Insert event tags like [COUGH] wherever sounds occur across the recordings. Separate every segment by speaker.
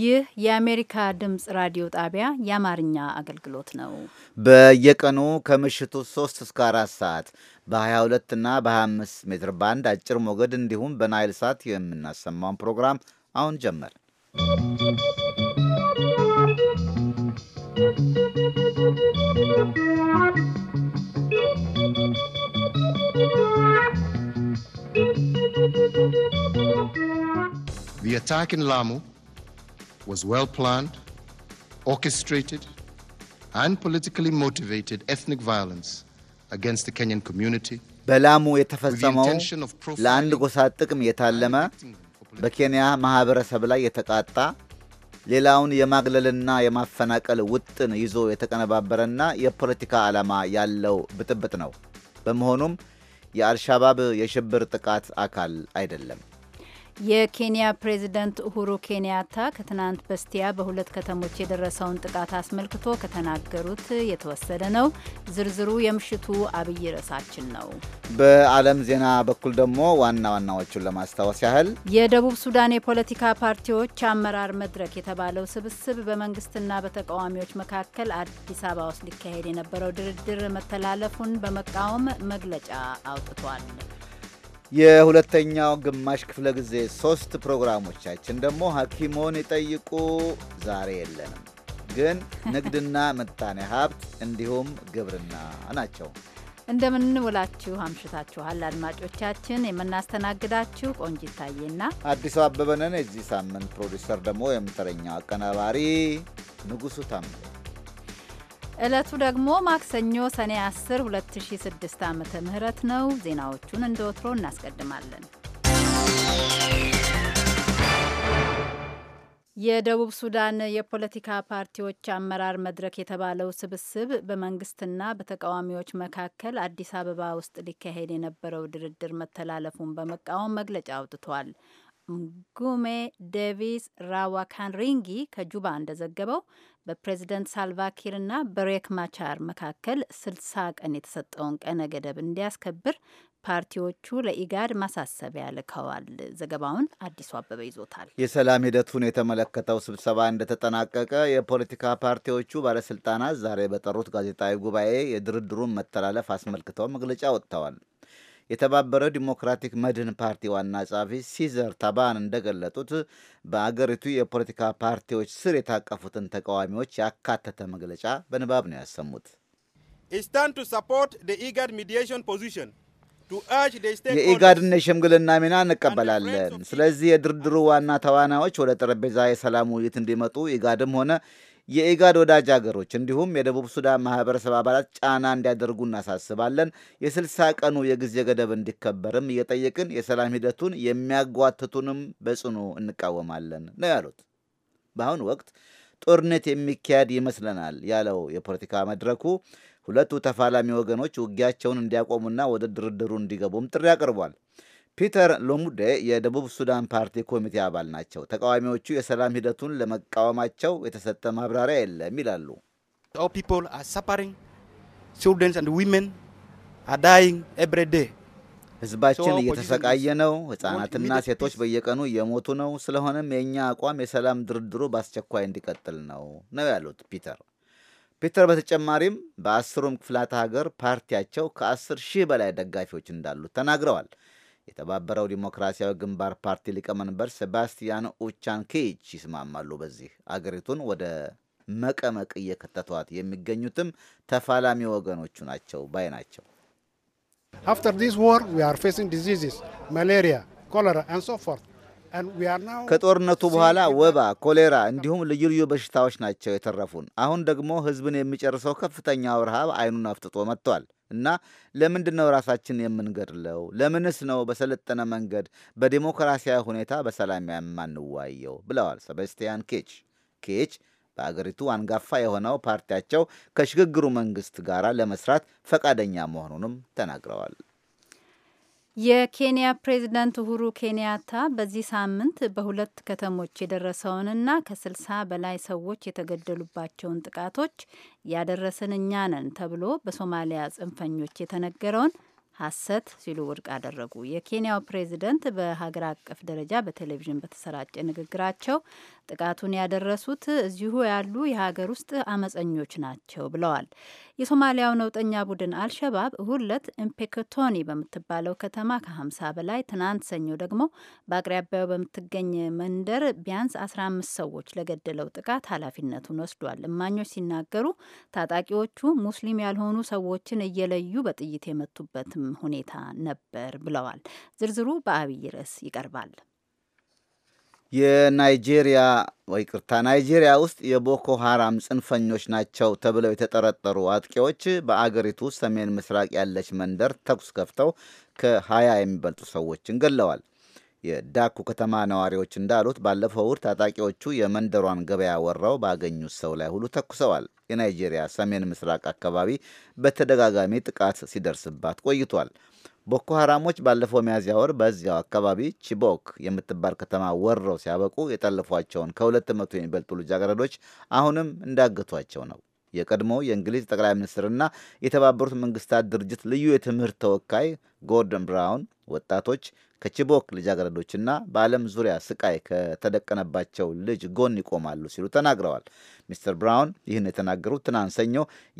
Speaker 1: ይህ የአሜሪካ ድምፅ ራዲዮ ጣቢያ የአማርኛ አገልግሎት ነው።
Speaker 2: በየቀኑ ከምሽቱ 3 እስከ 4 ሰዓት በ22 እና በ25 ሜትር ባንድ አጭር ሞገድ እንዲሁም በናይል ሳት የምናሰማውን ፕሮግራም አሁን ጀመር።
Speaker 3: The attack in Lamu was well planned, orchestrated, and politically motivated ethnic violence against the Kenyan community. በላሙ የተፈጸመው ለአንድ
Speaker 2: ጎሳ ጥቅም የታለመ በኬንያ ማህበረሰብ ላይ የተቃጣ ሌላውን የማግለልና የማፈናቀል ውጥን ይዞ የተቀነባበረና የፖለቲካ ዓላማ ያለው ብጥብጥ ነው። በመሆኑም የአልሻባብ የሽብር ጥቃት አካል አይደለም።
Speaker 1: የኬንያ ፕሬዚደንት ኡሁሩ ኬንያታ ከትናንት በስቲያ በሁለት ከተሞች የደረሰውን ጥቃት አስመልክቶ ከተናገሩት የተወሰደ ነው። ዝርዝሩ የምሽቱ አብይ ርዕሳችን ነው።
Speaker 2: በዓለም ዜና በኩል ደግሞ ዋና ዋናዎቹን ለማስታወስ ያህል
Speaker 1: የደቡብ ሱዳን የፖለቲካ ፓርቲዎች አመራር መድረክ የተባለው ስብስብ በመንግስትና በተቃዋሚዎች መካከል አዲስ አበባ ውስጥ ሊካሄድ የነበረው ድርድር መተላለፉን በመቃወም መግለጫ አውጥቷል።
Speaker 2: የሁለተኛው ግማሽ ክፍለ ጊዜ ሶስት ፕሮግራሞቻችን ደግሞ ሐኪሞን ይጠይቁ ዛሬ የለንም፣ ግን [LAUGHS] ንግድና ምጣኔ ሀብት እንዲሁም ግብርና ናቸው።
Speaker 1: እንደምንውላችሁ አምሽታችኋል አድማጮቻችን። የምናስተናግዳችሁ ቆንጂት ታዬና
Speaker 2: አዲሱ አበበ ነን። የዚህ ሳምንት ፕሮዲሰር ደግሞ የምጠረኛው አቀናባሪ ንጉሱ ታምሌ
Speaker 1: ዕለቱ ደግሞ ማክሰኞ ሰኔ 10 2006 ዓ ም ነው። ዜናዎቹን እንደ ወትሮ እናስቀድማለን። የደቡብ ሱዳን የፖለቲካ ፓርቲዎች አመራር መድረክ የተባለው ስብስብ በመንግስትና በተቃዋሚዎች መካከል አዲስ አበባ ውስጥ ሊካሄድ የነበረው ድርድር መተላለፉን በመቃወም መግለጫ አውጥቷል። ጉሜ ዴቪስ ራዋካንሪንጊ ከጁባ እንደዘገበው በፕሬዝደንት ሳልቫኪርና በሬክ ማቻር መካከል ስልሳ ቀን የተሰጠውን ቀነ ገደብ እንዲያስከብር ፓርቲዎቹ ለኢጋድ ማሳሰቢያ ልከዋል። ዘገባውን አዲሱ አበበ ይዞታል።
Speaker 2: የሰላም ሂደቱን የተመለከተው ስብሰባ እንደተጠናቀቀ የፖለቲካ ፓርቲዎቹ ባለስልጣናት ዛሬ በጠሩት ጋዜጣዊ ጉባኤ የድርድሩን መተላለፍ አስመልክተው መግለጫ ወጥተዋል። የተባበረው ዲሞክራቲክ መድህን ፓርቲ ዋና ጸሐፊ ሲዘር ታባን እንደገለጡት በአገሪቱ የፖለቲካ ፓርቲዎች ስር የታቀፉትን ተቃዋሚዎች ያካተተ መግለጫ በንባብ ነው ያሰሙት። የኢጋድን የሽምግልና ሚና እንቀበላለን። ስለዚህ የድርድሩ ዋና ተዋናዮች ወደ ጠረጴዛ የሰላም ውይይት እንዲመጡ ኢጋድም ሆነ የኢጋድ ወዳጅ አገሮች እንዲሁም የደቡብ ሱዳን ማህበረሰብ አባላት ጫና እንዲያደርጉ እናሳስባለን። ቀኑ የጊዜ ገደብ እንዲከበርም እየጠየቅን የሰላም ሂደቱን የሚያጓትቱንም በጽኑ እንቃወማለን ነው ያሉት። በአሁኑ ወቅት ጦርነት የሚካሄድ ይመስለናል ያለው የፖለቲካ መድረኩ ሁለቱ ተፋላሚ ወገኖች ውጊያቸውን እንዲያቆሙና ወደ ድርድሩ እንዲገቡም ጥሪ አቅርቧል። ፒተር ሎሙዴ የደቡብ ሱዳን ፓርቲ ኮሚቴ አባል ናቸው። ተቃዋሚዎቹ የሰላም ሂደቱን ለመቃወማቸው የተሰጠ ማብራሪያ የለም ይላሉ። ህዝባችን እየተሰቃየ ነው። ሕጻናትና ሴቶች በየቀኑ እየሞቱ ነው። ስለሆነም የእኛ አቋም የሰላም ድርድሩ በአስቸኳይ እንዲቀጥል ነው ነው ያሉት ፒተር። ፒተር በተጨማሪም በአስሩም ክፍላተ ሀገር ፓርቲያቸው ከአስር ሺህ በላይ ደጋፊዎች እንዳሉት ተናግረዋል። የተባበረው ዲሞክራሲያዊ ግንባር ፓርቲ ሊቀመንበር ሴባስቲያን ኬች ይስማማሉ። በዚህ አገሪቱን ወደ መቀመቅ እየከተቷት የሚገኙትም ተፋላሚ ወገኖቹ ናቸው ባይ ናቸው።
Speaker 3: አፍተር ዲስ ዋር ዊ አር ፌሲንግ ዲዚዝስ
Speaker 4: ኮለራ አንድ ሶ ፎርት
Speaker 2: ከጦርነቱ በኋላ ወባ፣ ኮሌራ እንዲሁም ልዩ ልዩ በሽታዎች ናቸው የተረፉን። አሁን ደግሞ ህዝብን የሚጨርሰው ከፍተኛው ረሃብ አይኑን አፍጥጦ መጥቷል። እና ለምንድን ነው ራሳችን የምንገድለው? ለምንስ ነው በሰለጠነ መንገድ በዲሞክራሲያዊ ሁኔታ በሰላም የማንዋየው? ብለዋል ሰበስቲያን ኬች። ኬች በአገሪቱ አንጋፋ የሆነው ፓርቲያቸው ከሽግግሩ መንግስት ጋር ለመስራት ፈቃደኛ መሆኑንም ተናግረዋል።
Speaker 1: የኬንያ ፕሬዚዳንት ኡሁሩ ኬንያታ በዚህ ሳምንት በሁለት ከተሞች የደረሰውንና ከስልሳ በላይ ሰዎች የተገደሉባቸውን ጥቃቶች ያደረስን እኛ ነን ተብሎ በሶማሊያ ጽንፈኞች የተነገረውን ሐሰት ሲሉ ውድቅ አደረጉ። የኬንያው ፕሬዚደንት በሀገር አቀፍ ደረጃ በቴሌቪዥን በተሰራጨ ንግግራቸው ጥቃቱን ያደረሱት እዚሁ ያሉ የሀገር ውስጥ አመፀኞች ናቸው ብለዋል። የሶማሊያው ነውጠኛ ቡድን አልሸባብ እሁድ ዕለት ኢምፔክቶኒ በምትባለው ከተማ ከ በላይ ትናንት ሰኞ ደግሞ በአቅራቢያው በምትገኝ መንደር ቢያንስ 15 ሰዎች ለገደለው ጥቃት ኃላፊነቱን ወስዷል። እማኞች ሲናገሩ ታጣቂዎቹ ሙስሊም ያልሆኑ ሰዎችን እየለዩ በጥይት የመቱበትም ሁኔታ ነበር ብለዋል። ዝርዝሩ በአብይ ርዕስ ይቀርባል።
Speaker 2: የናይጄሪያ ወይ ቅርታ ናይጄሪያ ውስጥ የቦኮ ሀራም ጽንፈኞች ናቸው ተብለው የተጠረጠሩ አጥቂዎች በአገሪቱ ሰሜን ምስራቅ ያለች መንደር ተኩስ ከፍተው ከ20 የሚበልጡ ሰዎችን ገለዋል። የዳኩ ከተማ ነዋሪዎች እንዳሉት ባለፈው እሁድ ታጣቂዎቹ የመንደሯን ገበያ ወራው ባገኙት ሰው ላይ ሁሉ ተኩሰዋል። የናይጄሪያ ሰሜን ምስራቅ አካባቢ በተደጋጋሚ ጥቃት ሲደርስባት ቆይቷል። ቦኮ ሐራሞች ባለፈው ሚያዝያ ወር በዚያው አካባቢ ቺቦክ የምትባል ከተማ ወረው ሲያበቁ የጠለፏቸውን ከሁለት መቶ የሚበልጡ ልጃገረዶች አሁንም እንዳገቷቸው ነው። የቀድሞ የእንግሊዝ ጠቅላይ ሚኒስትርና የተባበሩት መንግስታት ድርጅት ልዩ የትምህርት ተወካይ ጎርደን ብራውን ወጣቶች ከቺቦክ ልጃገረዶችና በዓለም ዙሪያ ስቃይ ከተደቀነባቸው ልጅ ጎን ይቆማሉ ሲሉ ተናግረዋል። ሚስተር ብራውን ይህን የተናገሩት ትናንት ሰኞ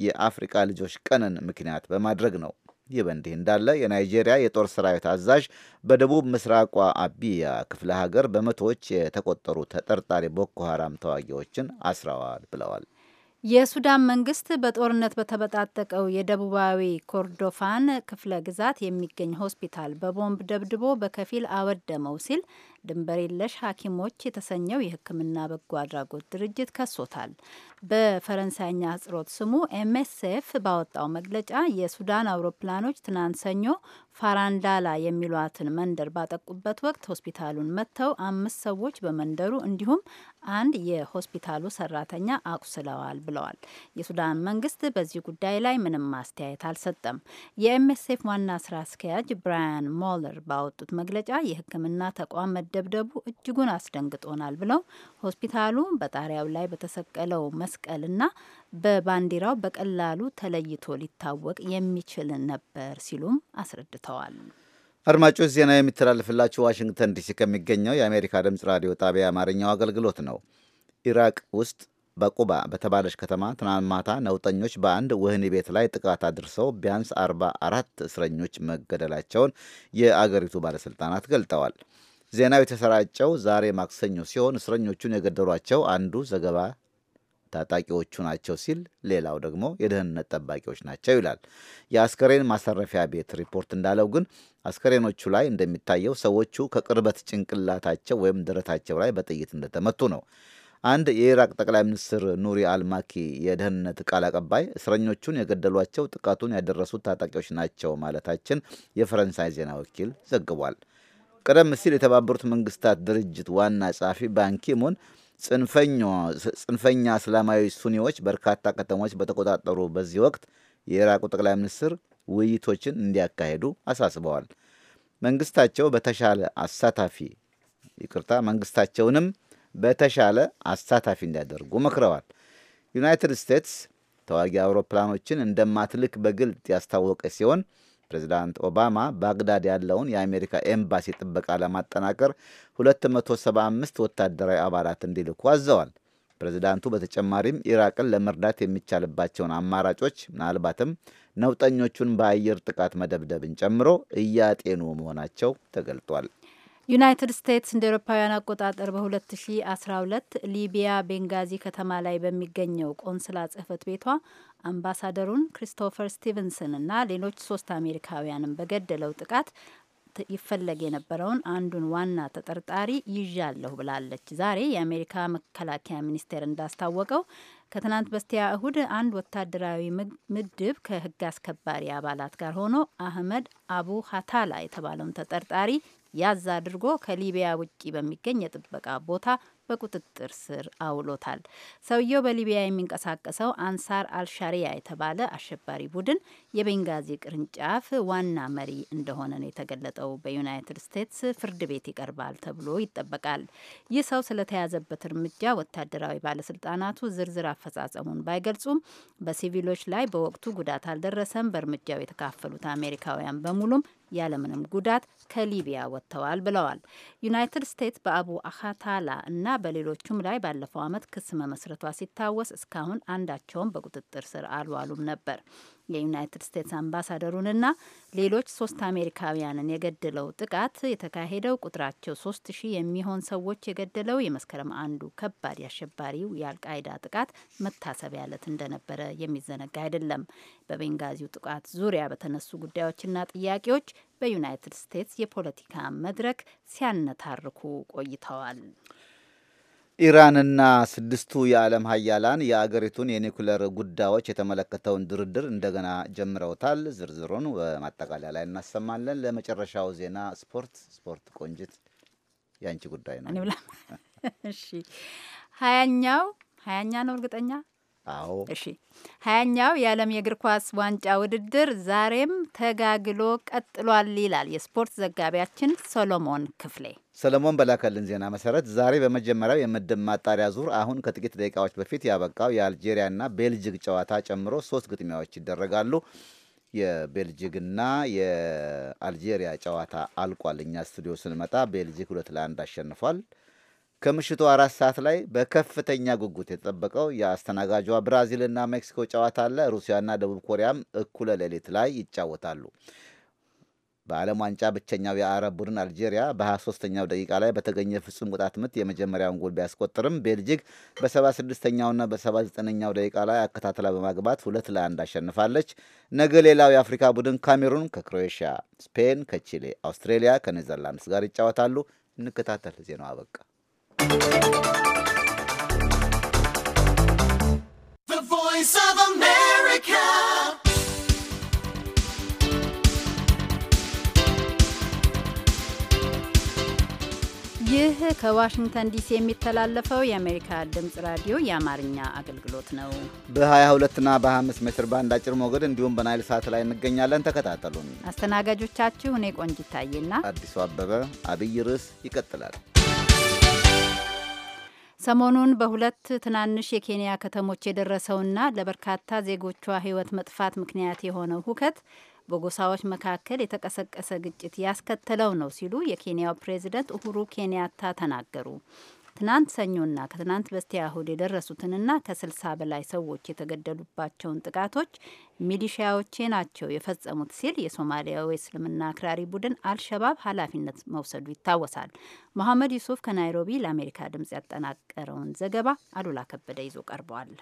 Speaker 2: የአፍሪቃ ልጆች ቀንን ምክንያት በማድረግ ነው። ይህ በእንዲህ እንዳለ የናይጄሪያ የጦር ሰራዊት አዛዥ በደቡብ ምስራቋ አቢያ ክፍለ ሀገር በመቶዎች የተቆጠሩ ተጠርጣሪ ቦኮ ሀራም ተዋጊዎችን አስረዋል ብለዋል።
Speaker 1: የሱዳን መንግስት በጦርነት በተበጣጠቀው የደቡባዊ ኮርዶፋን ክፍለ ግዛት የሚገኝ ሆስፒታል በቦምብ ደብድቦ በከፊል አወደመው ሲል ድንበር የለሽ ሐኪሞች የተሰኘው የሕክምና በጎ አድራጎት ድርጅት ከሶታል። በፈረንሳይኛ አጽሮት ስሙ ኤምኤስኤፍ ባወጣው መግለጫ የሱዳን አውሮፕላኖች ትናንት ሰኞ ፋራንዳላ የሚሏትን መንደር ባጠቁበት ወቅት ሆስፒታሉን መጥተው አምስት ሰዎች በመንደሩ እንዲሁም አንድ የሆስፒታሉ ሰራተኛ አቁስለዋል ብለዋል። የሱዳን መንግስት በዚህ ጉዳይ ላይ ምንም አስተያየት አልሰጠም። የኤምኤስኤፍ ዋና ስራ አስኪያጅ ብራያን ሞለር ባወጡት መግለጫ የህክምና ተቋም መደብደቡ እጅጉን አስደንግጦናል ብለው ሆስፒታሉ በጣሪያው ላይ በተሰቀለው መስቀልና በባንዲራው በቀላሉ ተለይቶ ሊታወቅ የሚችል ነበር ሲሉም አስረድተዋል።
Speaker 2: አድማጮች፣ ዜና የሚተላለፍላችሁ ዋሽንግተን ዲሲ ከሚገኘው የአሜሪካ ድምፅ ራዲዮ ጣቢያ የአማርኛው አገልግሎት ነው። ኢራቅ ውስጥ በቁባ በተባለች ከተማ ትናንት ማታ ነውጠኞች በአንድ ወህኒ ቤት ላይ ጥቃት አድርሰው ቢያንስ 44 እስረኞች መገደላቸውን የአገሪቱ ባለሥልጣናት ገልጠዋል። ዜናው የተሰራጨው ዛሬ ማክሰኞ ሲሆን እስረኞቹን የገደሏቸው አንዱ ዘገባ ታጣቂዎቹ ናቸው ሲል፣ ሌላው ደግሞ የደህንነት ጠባቂዎች ናቸው ይላል። የአስከሬን ማሳረፊያ ቤት ሪፖርት እንዳለው ግን አስከሬኖቹ ላይ እንደሚታየው ሰዎቹ ከቅርበት ጭንቅላታቸው ወይም ደረታቸው ላይ በጥይት እንደተመቱ ነው። አንድ የኢራቅ ጠቅላይ ሚኒስትር ኑሪ አልማኪ የደህንነት ቃል አቀባይ እስረኞቹን የገደሏቸው ጥቃቱን ያደረሱት ታጣቂዎች ናቸው ማለታችን የፈረንሳይ ዜና ወኪል ዘግቧል። ቀደም ሲል የተባበሩት መንግስታት ድርጅት ዋና ጸሐፊ ባንኪሙን ጽንፈኛ እስላማዊ ሱኒዎች በርካታ ከተሞች በተቆጣጠሩ በዚህ ወቅት የኢራቁ ጠቅላይ ሚኒስትር ውይይቶችን እንዲያካሄዱ አሳስበዋል። መንግስታቸው በተሻለ አሳታፊ ይቅርታ መንግስታቸውንም በተሻለ አሳታፊ እንዲያደርጉ መክረዋል። ዩናይትድ ስቴትስ ተዋጊ አውሮፕላኖችን እንደማትልክ በግልጥ ያስታወቀ ሲሆን ፕሬዚዳንት ኦባማ ባግዳድ ያለውን የአሜሪካ ኤምባሲ ጥበቃ ለማጠናከር 275 ወታደራዊ አባላት እንዲልኩ አዘዋል። ፕሬዚዳንቱ በተጨማሪም ኢራቅን ለመርዳት የሚቻልባቸውን አማራጮች ምናልባትም ነውጠኞቹን በአየር ጥቃት መደብደብን ጨምሮ እያጤኑ መሆናቸው ተገልጧል።
Speaker 1: ዩናይትድ ስቴትስ እንደ ኤሮፓውያን አቆጣጠር በ2012 ሊቢያ ቤንጋዚ ከተማ ላይ በሚገኘው ቆንስላ ጽህፈት ቤቷ አምባሳደሩን ክሪስቶፈር እና ሌሎች ሶስት አሜሪካውያንን በገደለው ጥቃት ይፈለግ የነበረውን አንዱን ዋና ተጠርጣሪ ይዣለሁ ብላለች። ዛሬ የአሜሪካ መከላከያ ሚኒስቴር እንዳስታወቀው ከትናንት በስቲያ እሁድ አንድ ወታደራዊ ምድብ ከህግ አስከባሪ አባላት ጋር ሆኖ አህመድ አቡ ሀታላ የተባለውን ተጠርጣሪ ያዝ አድርጎ ከሊቢያ ውጪ በሚገኝ የጥበቃ ቦታ በቁጥጥር ስር አውሎታል። ሰውየው በሊቢያ የሚንቀሳቀሰው አንሳር አልሻሪያ የተባለ አሸባሪ ቡድን የቤንጋዚ ቅርንጫፍ ዋና መሪ እንደሆነ ነው የተገለጠው። በዩናይትድ ስቴትስ ፍርድ ቤት ይቀርባል ተብሎ ይጠበቃል። ይህ ሰው ስለተያዘበት እርምጃ ወታደራዊ ባለስልጣናቱ ዝርዝር አፈጻጸሙን ባይገልጹም በሲቪሎች ላይ በወቅቱ ጉዳት አልደረሰም። በእርምጃው የተካፈሉት አሜሪካውያን በሙሉም ያለምንም ጉዳት ከሊቢያ ወጥተዋል ብለዋል። ዩናይትድ ስቴትስ በአቡ አካታላ እና በሌሎቹም ላይ ባለፈው ዓመት ክስ መመስረቷ ሲታወስ እስካሁን አንዳቸውም በቁጥጥር ስር አልዋሉም ነበር። የዩናይትድ ስቴትስ አምባሳደሩንና ሌሎች ሶስት አሜሪካውያንን የገደለው ጥቃት የተካሄደው ቁጥራቸው ሶስት ሺህ የሚሆን ሰዎች የገደለው የመስከረም አንዱ ከባድ የአሸባሪው የአልቃይዳ ጥቃት መታሰቢያ ዕለት እንደነበረ የሚዘነጋ አይደለም። በቤንጋዚው ጥቃት ዙሪያ በተነሱ ጉዳዮችና ጥያቄዎች በዩናይትድ ስቴትስ የፖለቲካ መድረክ ሲያነታርኩ ቆይተዋል።
Speaker 2: ኢራንና ስድስቱ የዓለም ሀያላን የአገሪቱን የኒኩሌር ጉዳዮች የተመለከተውን ድርድር እንደገና ጀምረውታል። ዝርዝሩን በማጠቃለያ ላይ እናሰማለን። ለመጨረሻው ዜና ስፖርት ስፖርት ቆንጅት የአንቺ ጉዳይ ነው።
Speaker 1: እሺ ሀያኛው ሀያኛ ነው እርግጠኛ አዎ እሺ። ሀያኛው የዓለም የእግር ኳስ ዋንጫ ውድድር ዛሬም ተጋግሎ ቀጥሏል ይላል የስፖርት ዘጋቢያችን ሶሎሞን ክፍሌ።
Speaker 2: ሰለሞን በላከልን ዜና መሰረት ዛሬ በመጀመሪያው የምድብ ማጣሪያ ዙር አሁን ከጥቂት ደቂቃዎች በፊት ያበቃው የአልጄሪያና ቤልጅግ ጨዋታ ጨምሮ ሶስት ግጥሚያዎች ይደረጋሉ። የቤልጅግና የአልጄሪያ ጨዋታ አልቋል። እኛ ስቱዲዮ ስንመጣ ቤልጅግ ሁለት ለአንድ አሸንፏል። ከምሽቱ አራት ሰዓት ላይ በከፍተኛ ጉጉት የተጠበቀው የአስተናጋጇ ብራዚልና ሜክሲኮ ጨዋታ አለ። ሩሲያና ደቡብ ኮሪያም እኩለ ሌሊት ላይ ይጫወታሉ። በዓለም ዋንጫ ብቸኛው የአረብ ቡድን አልጄሪያ በ23ኛው ደቂቃ ላይ በተገኘ ፍጹም ቅጣት ምት የመጀመሪያውን ጎል ቢያስቆጥርም ቤልጂክ በ76ኛውና በ79ኛው ደቂቃ ላይ አከታትላ በማግባት ሁለት ለአንድ አሸንፋለች። ነገ ሌላው የአፍሪካ ቡድን ካሜሩን ከክሮኤሽያ፣ ስፔን ከቺሌ፣ አውስትሬሊያ ከኔዘርላንድስ ጋር ይጫወታሉ። እንከታተል። ዜናው አበቃ።
Speaker 1: ይህ ከዋሽንግተን ዲሲ የሚተላለፈው የአሜሪካ ድምጽ ራዲዮ የአማርኛ አገልግሎት ነው።
Speaker 2: በ22ና በ25 ሜትር ባንድ አጭር ሞገድ እንዲሁም በናይል ሳት ላይ እንገኛለን። ተከታተሉን።
Speaker 1: አስተናጋጆቻችሁ እኔ ይታየና
Speaker 2: አዲሱ አበበ። አብይ ርዕስ ይቀጥላል።
Speaker 1: ሰሞኑን በሁለት ትናንሽ የኬንያ ከተሞች የደረሰውና ለበርካታ ዜጎቿ ሕይወት መጥፋት ምክንያት የሆነው ሁከት በጎሳዎች መካከል የተቀሰቀሰ ግጭት ያስከተለው ነው ሲሉ የኬንያው ፕሬዚደንት ኡሁሩ ኬንያታ ተናገሩ። ትናንት ሰኞና ከትናንት በስቲያ እሁድ የደረሱትንና ከስልሳ በላይ ሰዎች የተገደሉባቸውን ጥቃቶች ሚሊሺያዎቼ ናቸው የፈጸሙት ሲል የሶማሊያዊ እስልምና አክራሪ ቡድን አልሸባብ ኃላፊነት መውሰዱ ይታወሳል። መሐመድ ዩሱፍ ከናይሮቢ ለአሜሪካ ድምጽ ያጠናቀረውን ዘገባ አሉላ ከበደ ይዞ ቀርበዋል።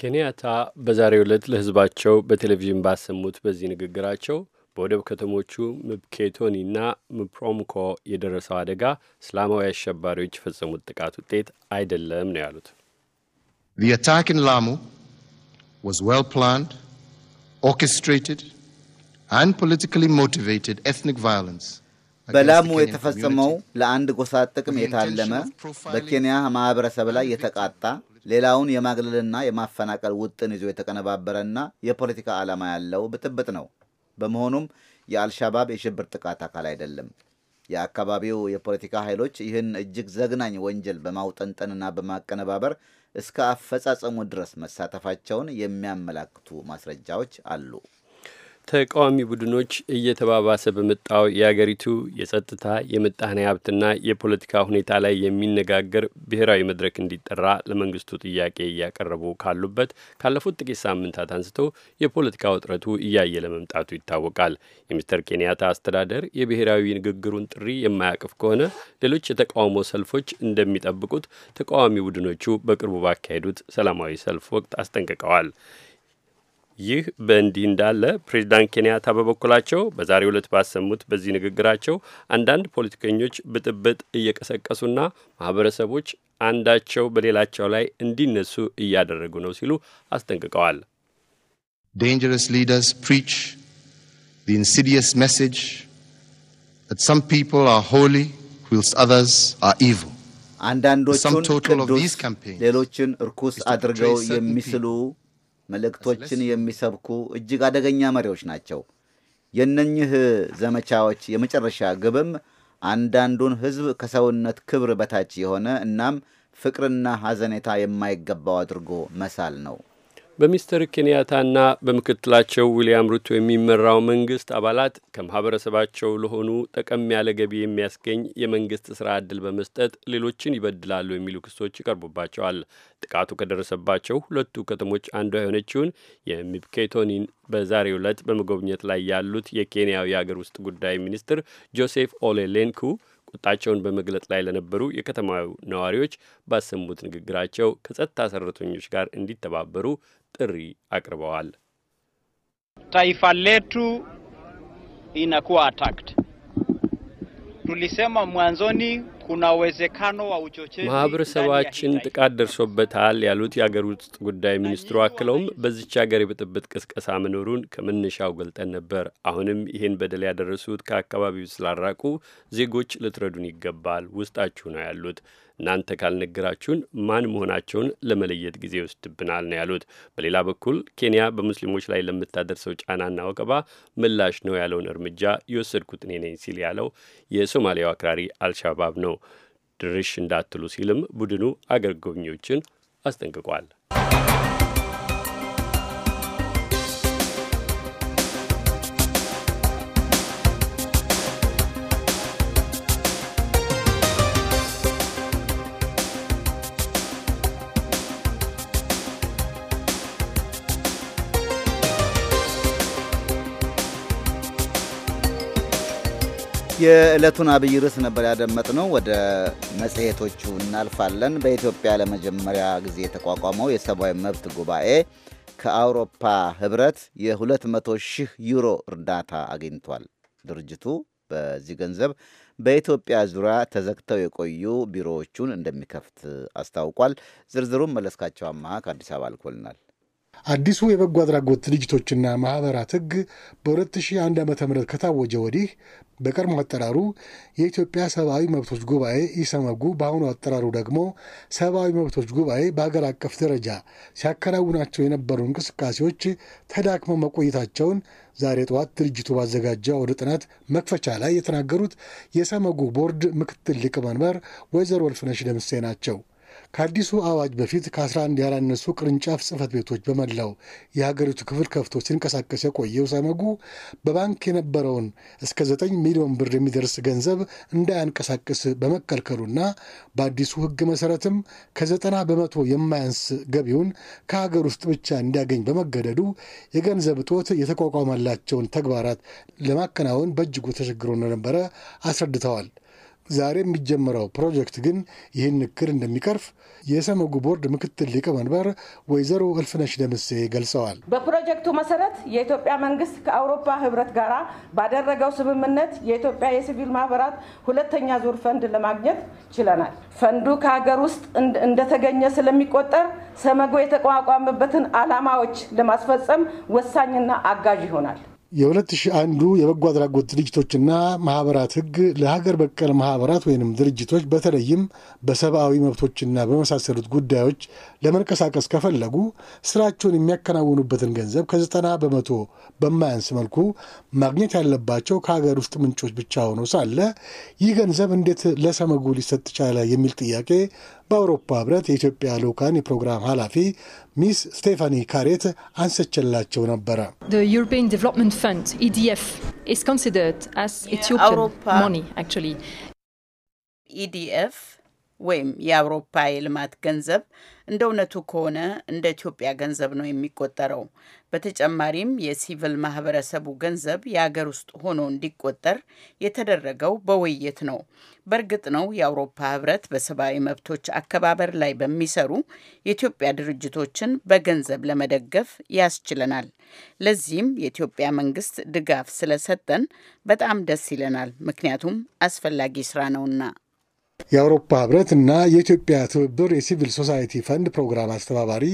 Speaker 5: ኬንያታ በዛሬው ዕለት ለህዝባቸው በቴሌቪዥን ባሰሙት በዚህ ንግግራቸው በወደብ ከተሞቹ ምብኬቶኒና ምፕሮምኮ የደረሰው አደጋ እስላማዊ አሸባሪዎች የፈጸሙት ጥቃት ውጤት አይደለም
Speaker 3: ነው ያሉት። The attack in Lamu was well planned, orchestrated and politically motivated ethnic violence.
Speaker 2: በላሙ የተፈጸመው ለአንድ ጎሳ ጥቅም የታለመ በኬንያ ማህበረሰብ ላይ የተቃጣ ሌላውን የማግለልና የማፈናቀል ውጥን ይዞ የተቀነባበረና የፖለቲካ ዓላማ ያለው ብጥብጥ ነው። በመሆኑም የአልሻባብ የሽብር ጥቃት አካል አይደለም። የአካባቢው የፖለቲካ ኃይሎች ይህን እጅግ ዘግናኝ ወንጀል በማውጠንጠንና በማቀነባበር እስከ አፈጻጸሙ ድረስ መሳተፋቸውን የሚያመላክቱ ማስረጃዎች አሉ።
Speaker 5: ተቃዋሚ ቡድኖች እየተባባሰ በመጣው የአገሪቱ የጸጥታ የምጣኔ ሀብትና የፖለቲካ ሁኔታ ላይ የሚነጋገር ብሔራዊ መድረክ እንዲጠራ ለመንግስቱ ጥያቄ እያቀረቡ ካሉበት ካለፉት ጥቂት ሳምንታት አንስቶ የፖለቲካ ውጥረቱ እያየለ መምጣቱ ይታወቃል። የሚስተር ኬንያታ አስተዳደር የብሔራዊ ንግግሩን ጥሪ የማያቅፍ ከሆነ ሌሎች የተቃውሞ ሰልፎች እንደሚጠብቁት ተቃዋሚ ቡድኖቹ በቅርቡ ባካሄዱት ሰላማዊ ሰልፍ ወቅት አስጠንቅቀዋል። ይህ በእንዲህ እንዳለ ፕሬዚዳንት ኬንያታ በበኩላቸው በዛሬው ዕለት ባሰሙት በዚህ ንግግራቸው አንዳንድ ፖለቲከኞች ብጥብጥ እየቀሰቀሱና ማህበረሰቦች አንዳቸው በሌላቸው ላይ እንዲነሱ እያደረጉ ነው ሲሉ አስጠንቅቀዋል።
Speaker 3: dangerous leaders preach the insidious message that some people are holy whilst others are evil. አንዳንዶቹን ቅዱስ
Speaker 2: ሌሎችን እርኩስ አድርገው የሚስሉ መልእክቶችን የሚሰብኩ እጅግ አደገኛ መሪዎች ናቸው። የእነኚህ ዘመቻዎች የመጨረሻ ግብም አንዳንዱን ሕዝብ ከሰውነት ክብር በታች የሆነ እናም ፍቅርና ሐዘኔታ የማይገባው አድርጎ መሳል ነው።
Speaker 5: በሚስተር ኬንያታና በምክትላቸው ዊልያም ሩቶ የሚመራው መንግስት አባላት ከማህበረሰባቸው ለሆኑ ጠቀም ያለ ገቢ የሚያስገኝ የመንግስት ስራ ዕድል በመስጠት ሌሎችን ይበድላሉ የሚሉ ክሶች ይቀርቡባቸዋል። ጥቃቱ ከደረሰባቸው ሁለቱ ከተሞች አንዷ የሆነችውን የሚብኬቶኒን በዛሬው ዕለት በመጎብኘት ላይ ያሉት የኬንያው የአገር ውስጥ ጉዳይ ሚኒስትር ጆሴፍ ኦሌ ሌንኩ ቁጣቸውን በመግለጥ ላይ ለነበሩ የከተማው ነዋሪዎች ባሰሙት ንግግራቸው ከጸጥታ ሰራተኞች ጋር እንዲተባበሩ ጥሪ አቅርበዋል። ታይፋ ሌቱ ኢናኩዋ አታክት
Speaker 4: tulisema mwanzoni kuna uwezekano wa uchochezi ማህበረሰባችን
Speaker 5: ጥቃት ደርሶበታል ያሉት የአገር ውስጥ ጉዳይ ሚኒስትሩ አክለውም በዚች ሀገር የብጥብጥ ቅስቀሳ መኖሩን ከመነሻው ገልጠን ነበር። አሁንም ይህን በደል ያደረሱት ከአካባቢው ስላራቁ ዜጎች ልትረዱን ይገባል፣ ውስጣችሁ ነው ያሉት እናንተ ካልነገራችሁን ማን መሆናቸውን ለመለየት ጊዜ ይወስድብናል ነው ያሉት። በሌላ በኩል ኬንያ በሙስሊሞች ላይ ለምታደርሰው ጫናና ወቀባ ምላሽ ነው ያለውን እርምጃ የወሰድኩት እኔ ነኝ ሲል ያለው የሶማሊያው አክራሪ አልሻባብ ነው። ድርሽ እንዳትሉ ሲልም ቡድኑ አገር ጎብኚዎችን አስጠንቅቋል።
Speaker 2: የዕለቱን አብይ ርዕስ ነበር ያደመጥነው። ወደ መጽሔቶቹ እናልፋለን። በኢትዮጵያ ለመጀመሪያ ጊዜ የተቋቋመው የሰብአዊ መብት ጉባኤ ከአውሮፓ ህብረት የ200 ሺህ ዩሮ እርዳታ አግኝቷል። ድርጅቱ በዚህ ገንዘብ በኢትዮጵያ ዙሪያ ተዘግተው የቆዩ ቢሮዎቹን እንደሚከፍት አስታውቋል። ዝርዝሩም መለስካቸው አመሃ ከአዲስ አበባ አልኮልናል።
Speaker 3: አዲሱ የበጎ አድራጎት ድርጅቶችና ማኅበራት ሕግ በ2001 ም ከታወጀ ወዲህ በቀድሞ አጠራሩ የኢትዮጵያ ሰብአዊ መብቶች ጉባኤ ኢሰመጉ፣ በአሁኑ አጠራሩ ደግሞ ሰብአዊ መብቶች ጉባኤ በአገር አቀፍ ደረጃ ሲያከናውናቸው የነበሩ እንቅስቃሴዎች ተዳክመው መቆየታቸውን ዛሬ ጠዋት ድርጅቱ ባዘጋጀው ወደ ጥናት መክፈቻ ላይ የተናገሩት የሰመጉ ቦርድ ምክትል ሊቀመንበር ወይዘሮ ወልፍነሽ ደምሴ ናቸው። ከአዲሱ አዋጅ በፊት ከ11 ያላነሱ ቅርንጫፍ ጽህፈት ቤቶች በመላው የሀገሪቱ ክፍል ከፍቶ ሲንቀሳቀስ የቆየው ሰመጉ በባንክ የነበረውን እስከ 9 ሚሊዮን ብር የሚደርስ ገንዘብ እንዳያንቀሳቅስ በመከልከሉና በአዲሱ ሕግ መሰረትም ከ በመቶ የማያንስ ገቢውን ከሀገር ውስጥ ብቻ እንዲያገኝ በመገደዱ የገንዘብ እጦት የተቋቋመላቸውን ተግባራት ለማከናወን በእጅጉ ተቸግሮ እንደነበረ አስረድተዋል። ዛሬ የሚጀመረው ፕሮጀክት ግን ይህን እክል እንደሚቀርፍ የሰመጉ ቦርድ ምክትል ሊቀመንበር ወይዘሮ እልፍነሽ ደምሴ ገልጸዋል።
Speaker 6: በፕሮጀክቱ መሰረት የኢትዮጵያ መንግስት ከአውሮፓ ህብረት ጋራ ባደረገው ስምምነት የኢትዮጵያ የሲቪል ማህበራት ሁለተኛ ዙር ፈንድ ለማግኘት ችለናል። ፈንዱ ከሀገር ውስጥ እንደተገኘ ስለሚቆጠር ሰመጎ የተቋቋመበትን ዓላማዎች ለማስፈጸም ወሳኝና አጋዥ ይሆናል።
Speaker 3: የ2001 የበጎ አድራጎት ድርጅቶችና ማህበራት ህግ ለሀገር በቀል ማህበራት ወይንም ድርጅቶች በተለይም በሰብአዊ መብቶችና በመሳሰሉት ጉዳዮች ለመንቀሳቀስ ከፈለጉ ስራቸውን የሚያከናውኑበትን ገንዘብ ከዘጠና በመቶ በማያንስ መልኩ ማግኘት ያለባቸው ከሀገር ውስጥ ምንጮች ብቻ ሆኖ ሳለ ይህ ገንዘብ እንዴት ለሰመጉ ሊሰጥ ቻለ የሚል ጥያቄ በአውሮፓ ህብረት የኢትዮጵያ ልዑካን የፕሮግራም ኃላፊ ሚስ ስቴፋኒ ካሬት አንስቼላቸው ነበረ።
Speaker 5: ዩሮፒያን ዴቨሎፕመንት ፈንድ ኢዲኤፍ ኢዝ ኮንሲደርድ አስ ኢትዮጵያን ማኒ
Speaker 6: አክቹዋሊ ኢዲኤፍ ወይም የአውሮፓ የልማት ገንዘብ እንደ እውነቱ ከሆነ እንደ ኢትዮጵያ ገንዘብ ነው የሚቆጠረው። በተጨማሪም የሲቪል ማህበረሰቡ ገንዘብ የአገር ውስጥ ሆኖ እንዲቆጠር የተደረገው በውይይት ነው። በእርግጥ ነው የአውሮፓ ህብረት በሰብአዊ መብቶች አከባበር ላይ በሚሰሩ የኢትዮጵያ ድርጅቶችን በገንዘብ ለመደገፍ ያስችለናል። ለዚህም የኢትዮጵያ መንግስት ድጋፍ ስለሰጠን በጣም ደስ ይለናል፣ ምክንያቱም አስፈላጊ ስራ ነውና።
Speaker 3: የአውሮፓ ህብረት እና የኢትዮጵያ ትብብር የሲቪል ሶሳይቲ ፈንድ ፕሮግራም አስተባባሪ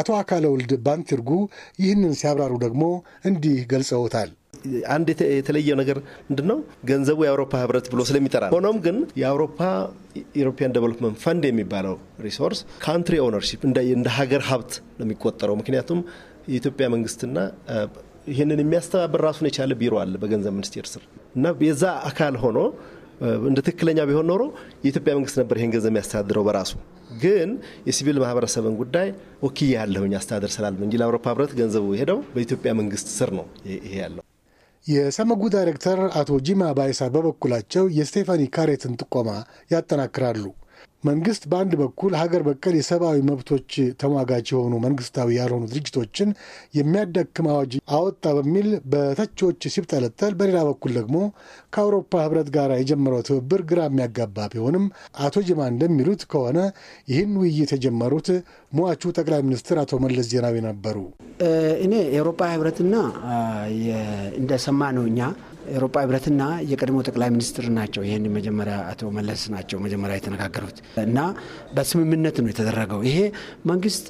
Speaker 3: አቶ አካለ ውልድ ባንቲርጉ ይህንን ሲያብራሩ ደግሞ እንዲህ ገልጸውታል።
Speaker 7: አንድ የተለየው ነገር ምንድን ነው? ገንዘቡ የአውሮፓ ህብረት ብሎ ስለሚጠራ ሆኖም ግን የአውሮፓ ኢሮፒያን ዴቨሎፕመንት ፈንድ የሚባለው ሪሶርስ ካንትሪ ኦነርሺፕ እንደ ሀገር ሀብት ነው የሚቆጠረው። ምክንያቱም የኢትዮጵያ መንግስትና ይህንን የሚያስተባብር ራሱን የቻለ ቢሮ አለ በገንዘብ ሚኒስቴር ስር እና የዛ አካል ሆኖ እንደ ትክክለኛ ቢሆን ኖሮ የኢትዮጵያ መንግስት ነበር ይሄን ገንዘብ የሚያስተዳድረው በራሱ። ግን የሲቪል ማህበረሰብን ጉዳይ ወኪያ ያለሁኝ አስተዳደር ስላለ እንጂ ለአውሮፓ ህብረት ገንዘቡ ሄደው በኢትዮጵያ መንግስት ስር ነው ይሄ ያለው።
Speaker 3: የሰመጉ ዳይሬክተር አቶ ጂማ ባይሳ በበኩላቸው የስቴፋኒ ካሬትን ጥቆማ ያጠናክራሉ። መንግስት በአንድ በኩል ሀገር በቀል የሰብአዊ መብቶች ተሟጋች የሆኑ መንግስታዊ ያልሆኑ ድርጅቶችን የሚያዳክም አዋጅ አወጣ በሚል በተቺዎች ሲብጠለጠል፣ በሌላ በኩል ደግሞ ከአውሮፓ ህብረት ጋር የጀመረው ትብብር ግራ የሚያጋባ ቢሆንም አቶ ጅማ እንደሚሉት ከሆነ ይህን ውይይት የጀመሩት ሟቹ ጠቅላይ ሚኒስትር አቶ መለስ ዜናዊ ነበሩ።
Speaker 4: እኔ የአውሮፓ ህብረትና እንደሰማ ነው እኛ የአውሮፓ ህብረትና የቀድሞ ጠቅላይ ሚኒስትር ናቸው። ይህን መጀመሪያ አቶ መለስ ናቸው መጀመሪያ የተነጋገሩት እና በስምምነት ነው የተደረገው። ይሄ መንግስት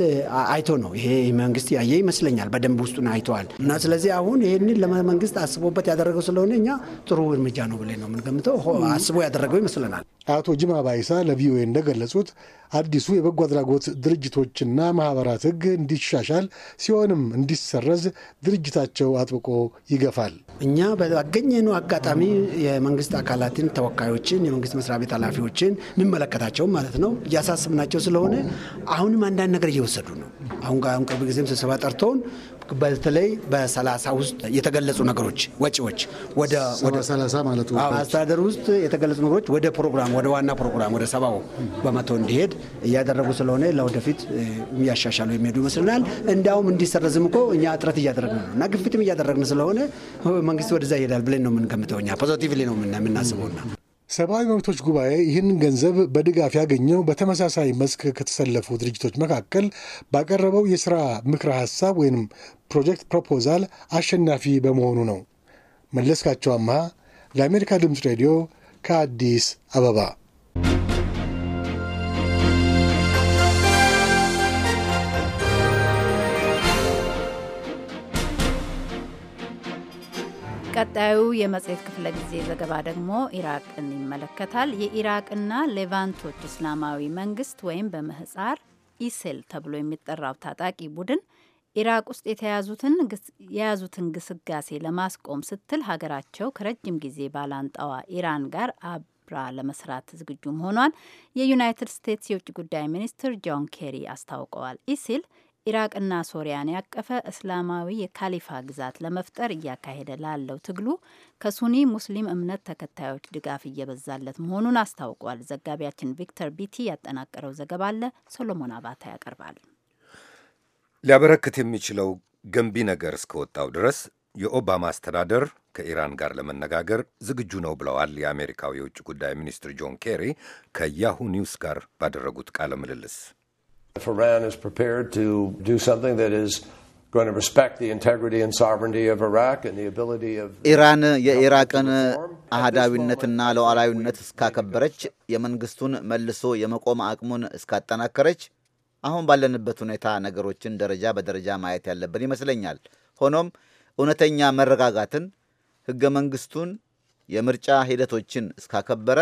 Speaker 4: አይቶ ነው ይሄ መንግስት ያየ ይመስለኛል። በደንብ ውስጡን አይተዋል። እና ስለዚህ አሁን ይህንን ለመንግስት አስቦበት ያደረገው ስለሆነ እኛ ጥሩ እርምጃ ነው ብለን ነው የምንገምተው። አስቦ ያደረገው ይመስለናል።
Speaker 3: አቶ ጅማ ባይሳ ለቪኦኤ እንደገለጹት አዲሱ የበጎ አድራጎት ድርጅቶችና ማህበራት ህግ እንዲሻሻል ሲሆንም እንዲሰረዝ ድርጅታቸው አጥብቆ ይገፋል። እኛ በገኝ ባገኘነው አጋጣሚ የመንግስት አካላትን
Speaker 4: ተወካዮችን፣ የመንግስት መስሪያ ቤት ኃላፊዎችን የምመለከታቸውም ማለት ነው እያሳስብናቸው ስለሆነ አሁንም አንዳንድ ነገር እየወሰዱ ነው። አሁን ቅርብ ጊዜም ስብሰባ ጠርቶን በተለይ በሰላሳ ውስጥ የተገለጹ ነገሮች ወጪዎች ወደ አስተዳደር ውስጥ የተገለጹ ነገሮች ወደ ፕሮግራም ወደ ዋና ፕሮግራም ወደ ሰባው በመቶ እንዲሄድ እያደረጉ ስለሆነ ለወደፊት እያሻሻሉ የሚሄዱ ይመስልናል። እንዲያውም እንዲሰረዝም እኮ እኛ ጥረት እያደረግን ነው እና ግፊትም እያደረግን ስለሆነ መንግስት ወደዛ ይሄዳል ብለን ነው የምንገምተው። እኛ ፖዘቲቭሊ ነው የምናስበውና
Speaker 3: ሰብአዊ መብቶች ጉባኤ ይህንን ገንዘብ በድጋፍ ያገኘው በተመሳሳይ መስክ ከተሰለፉ ድርጅቶች መካከል ባቀረበው የስራ ምክረ ሀሳብ ወይም ፕሮጀክት ፕሮፖዛል አሸናፊ በመሆኑ ነው። መለስካቸው አምሃ ለአሜሪካ ድምፅ ሬዲዮ ከአዲስ አበባ።
Speaker 1: ቀጣዩ የመጽሔት ክፍለ ጊዜ ዘገባ ደግሞ ኢራቅን ይመለከታል። የኢራቅና ሌቫንቶች እስላማዊ መንግስት ወይም በምህጻር ኢሴል ተብሎ የሚጠራው ታጣቂ ቡድን ኢራቅ ውስጥ የተያዙትን የያዙትን ግስጋሴ ለማስቆም ስትል ሀገራቸው ከረጅም ጊዜ ባላንጣዋ ኢራን ጋር አብራ ለመስራት ዝግጁ መሆኗን የዩናይትድ ስቴትስ የውጭ ጉዳይ ሚኒስትር ጆን ኬሪ አስታውቀዋል። ኢሲል ኢራቅና ሶሪያን ያቀፈ እስላማዊ የካሊፋ ግዛት ለመፍጠር እያካሄደ ላለው ትግሉ ከሱኒ ሙስሊም እምነት ተከታዮች ድጋፍ እየበዛለት መሆኑን አስታውቋል። ዘጋቢያችን ቪክተር ቢቲ ያጠናቀረው ዘገባ አለ። ሶሎሞን አባታ ያቀርባል።
Speaker 8: ሊያበረክት የሚችለው ገንቢ ነገር እስከወጣው ድረስ የኦባማ አስተዳደር ከኢራን ጋር ለመነጋገር ዝግጁ ነው ብለዋል የአሜሪካው የውጭ ጉዳይ ሚኒስትር ጆን ኬሪ ከያሁ ኒውስ ጋር ባደረጉት ቃለ ምልልስ።
Speaker 2: ኢራን የኢራቅን አህዳዊነትና ሉዓላዊነት እስካከበረች፣ የመንግስቱን መልሶ የመቆም አቅሙን እስካጠናከረች አሁን ባለንበት ሁኔታ ነገሮችን ደረጃ በደረጃ ማየት ያለብን ይመስለኛል። ሆኖም እውነተኛ መረጋጋትን ሕገ መንግስቱን፣ የምርጫ ሂደቶችን እስካከበረ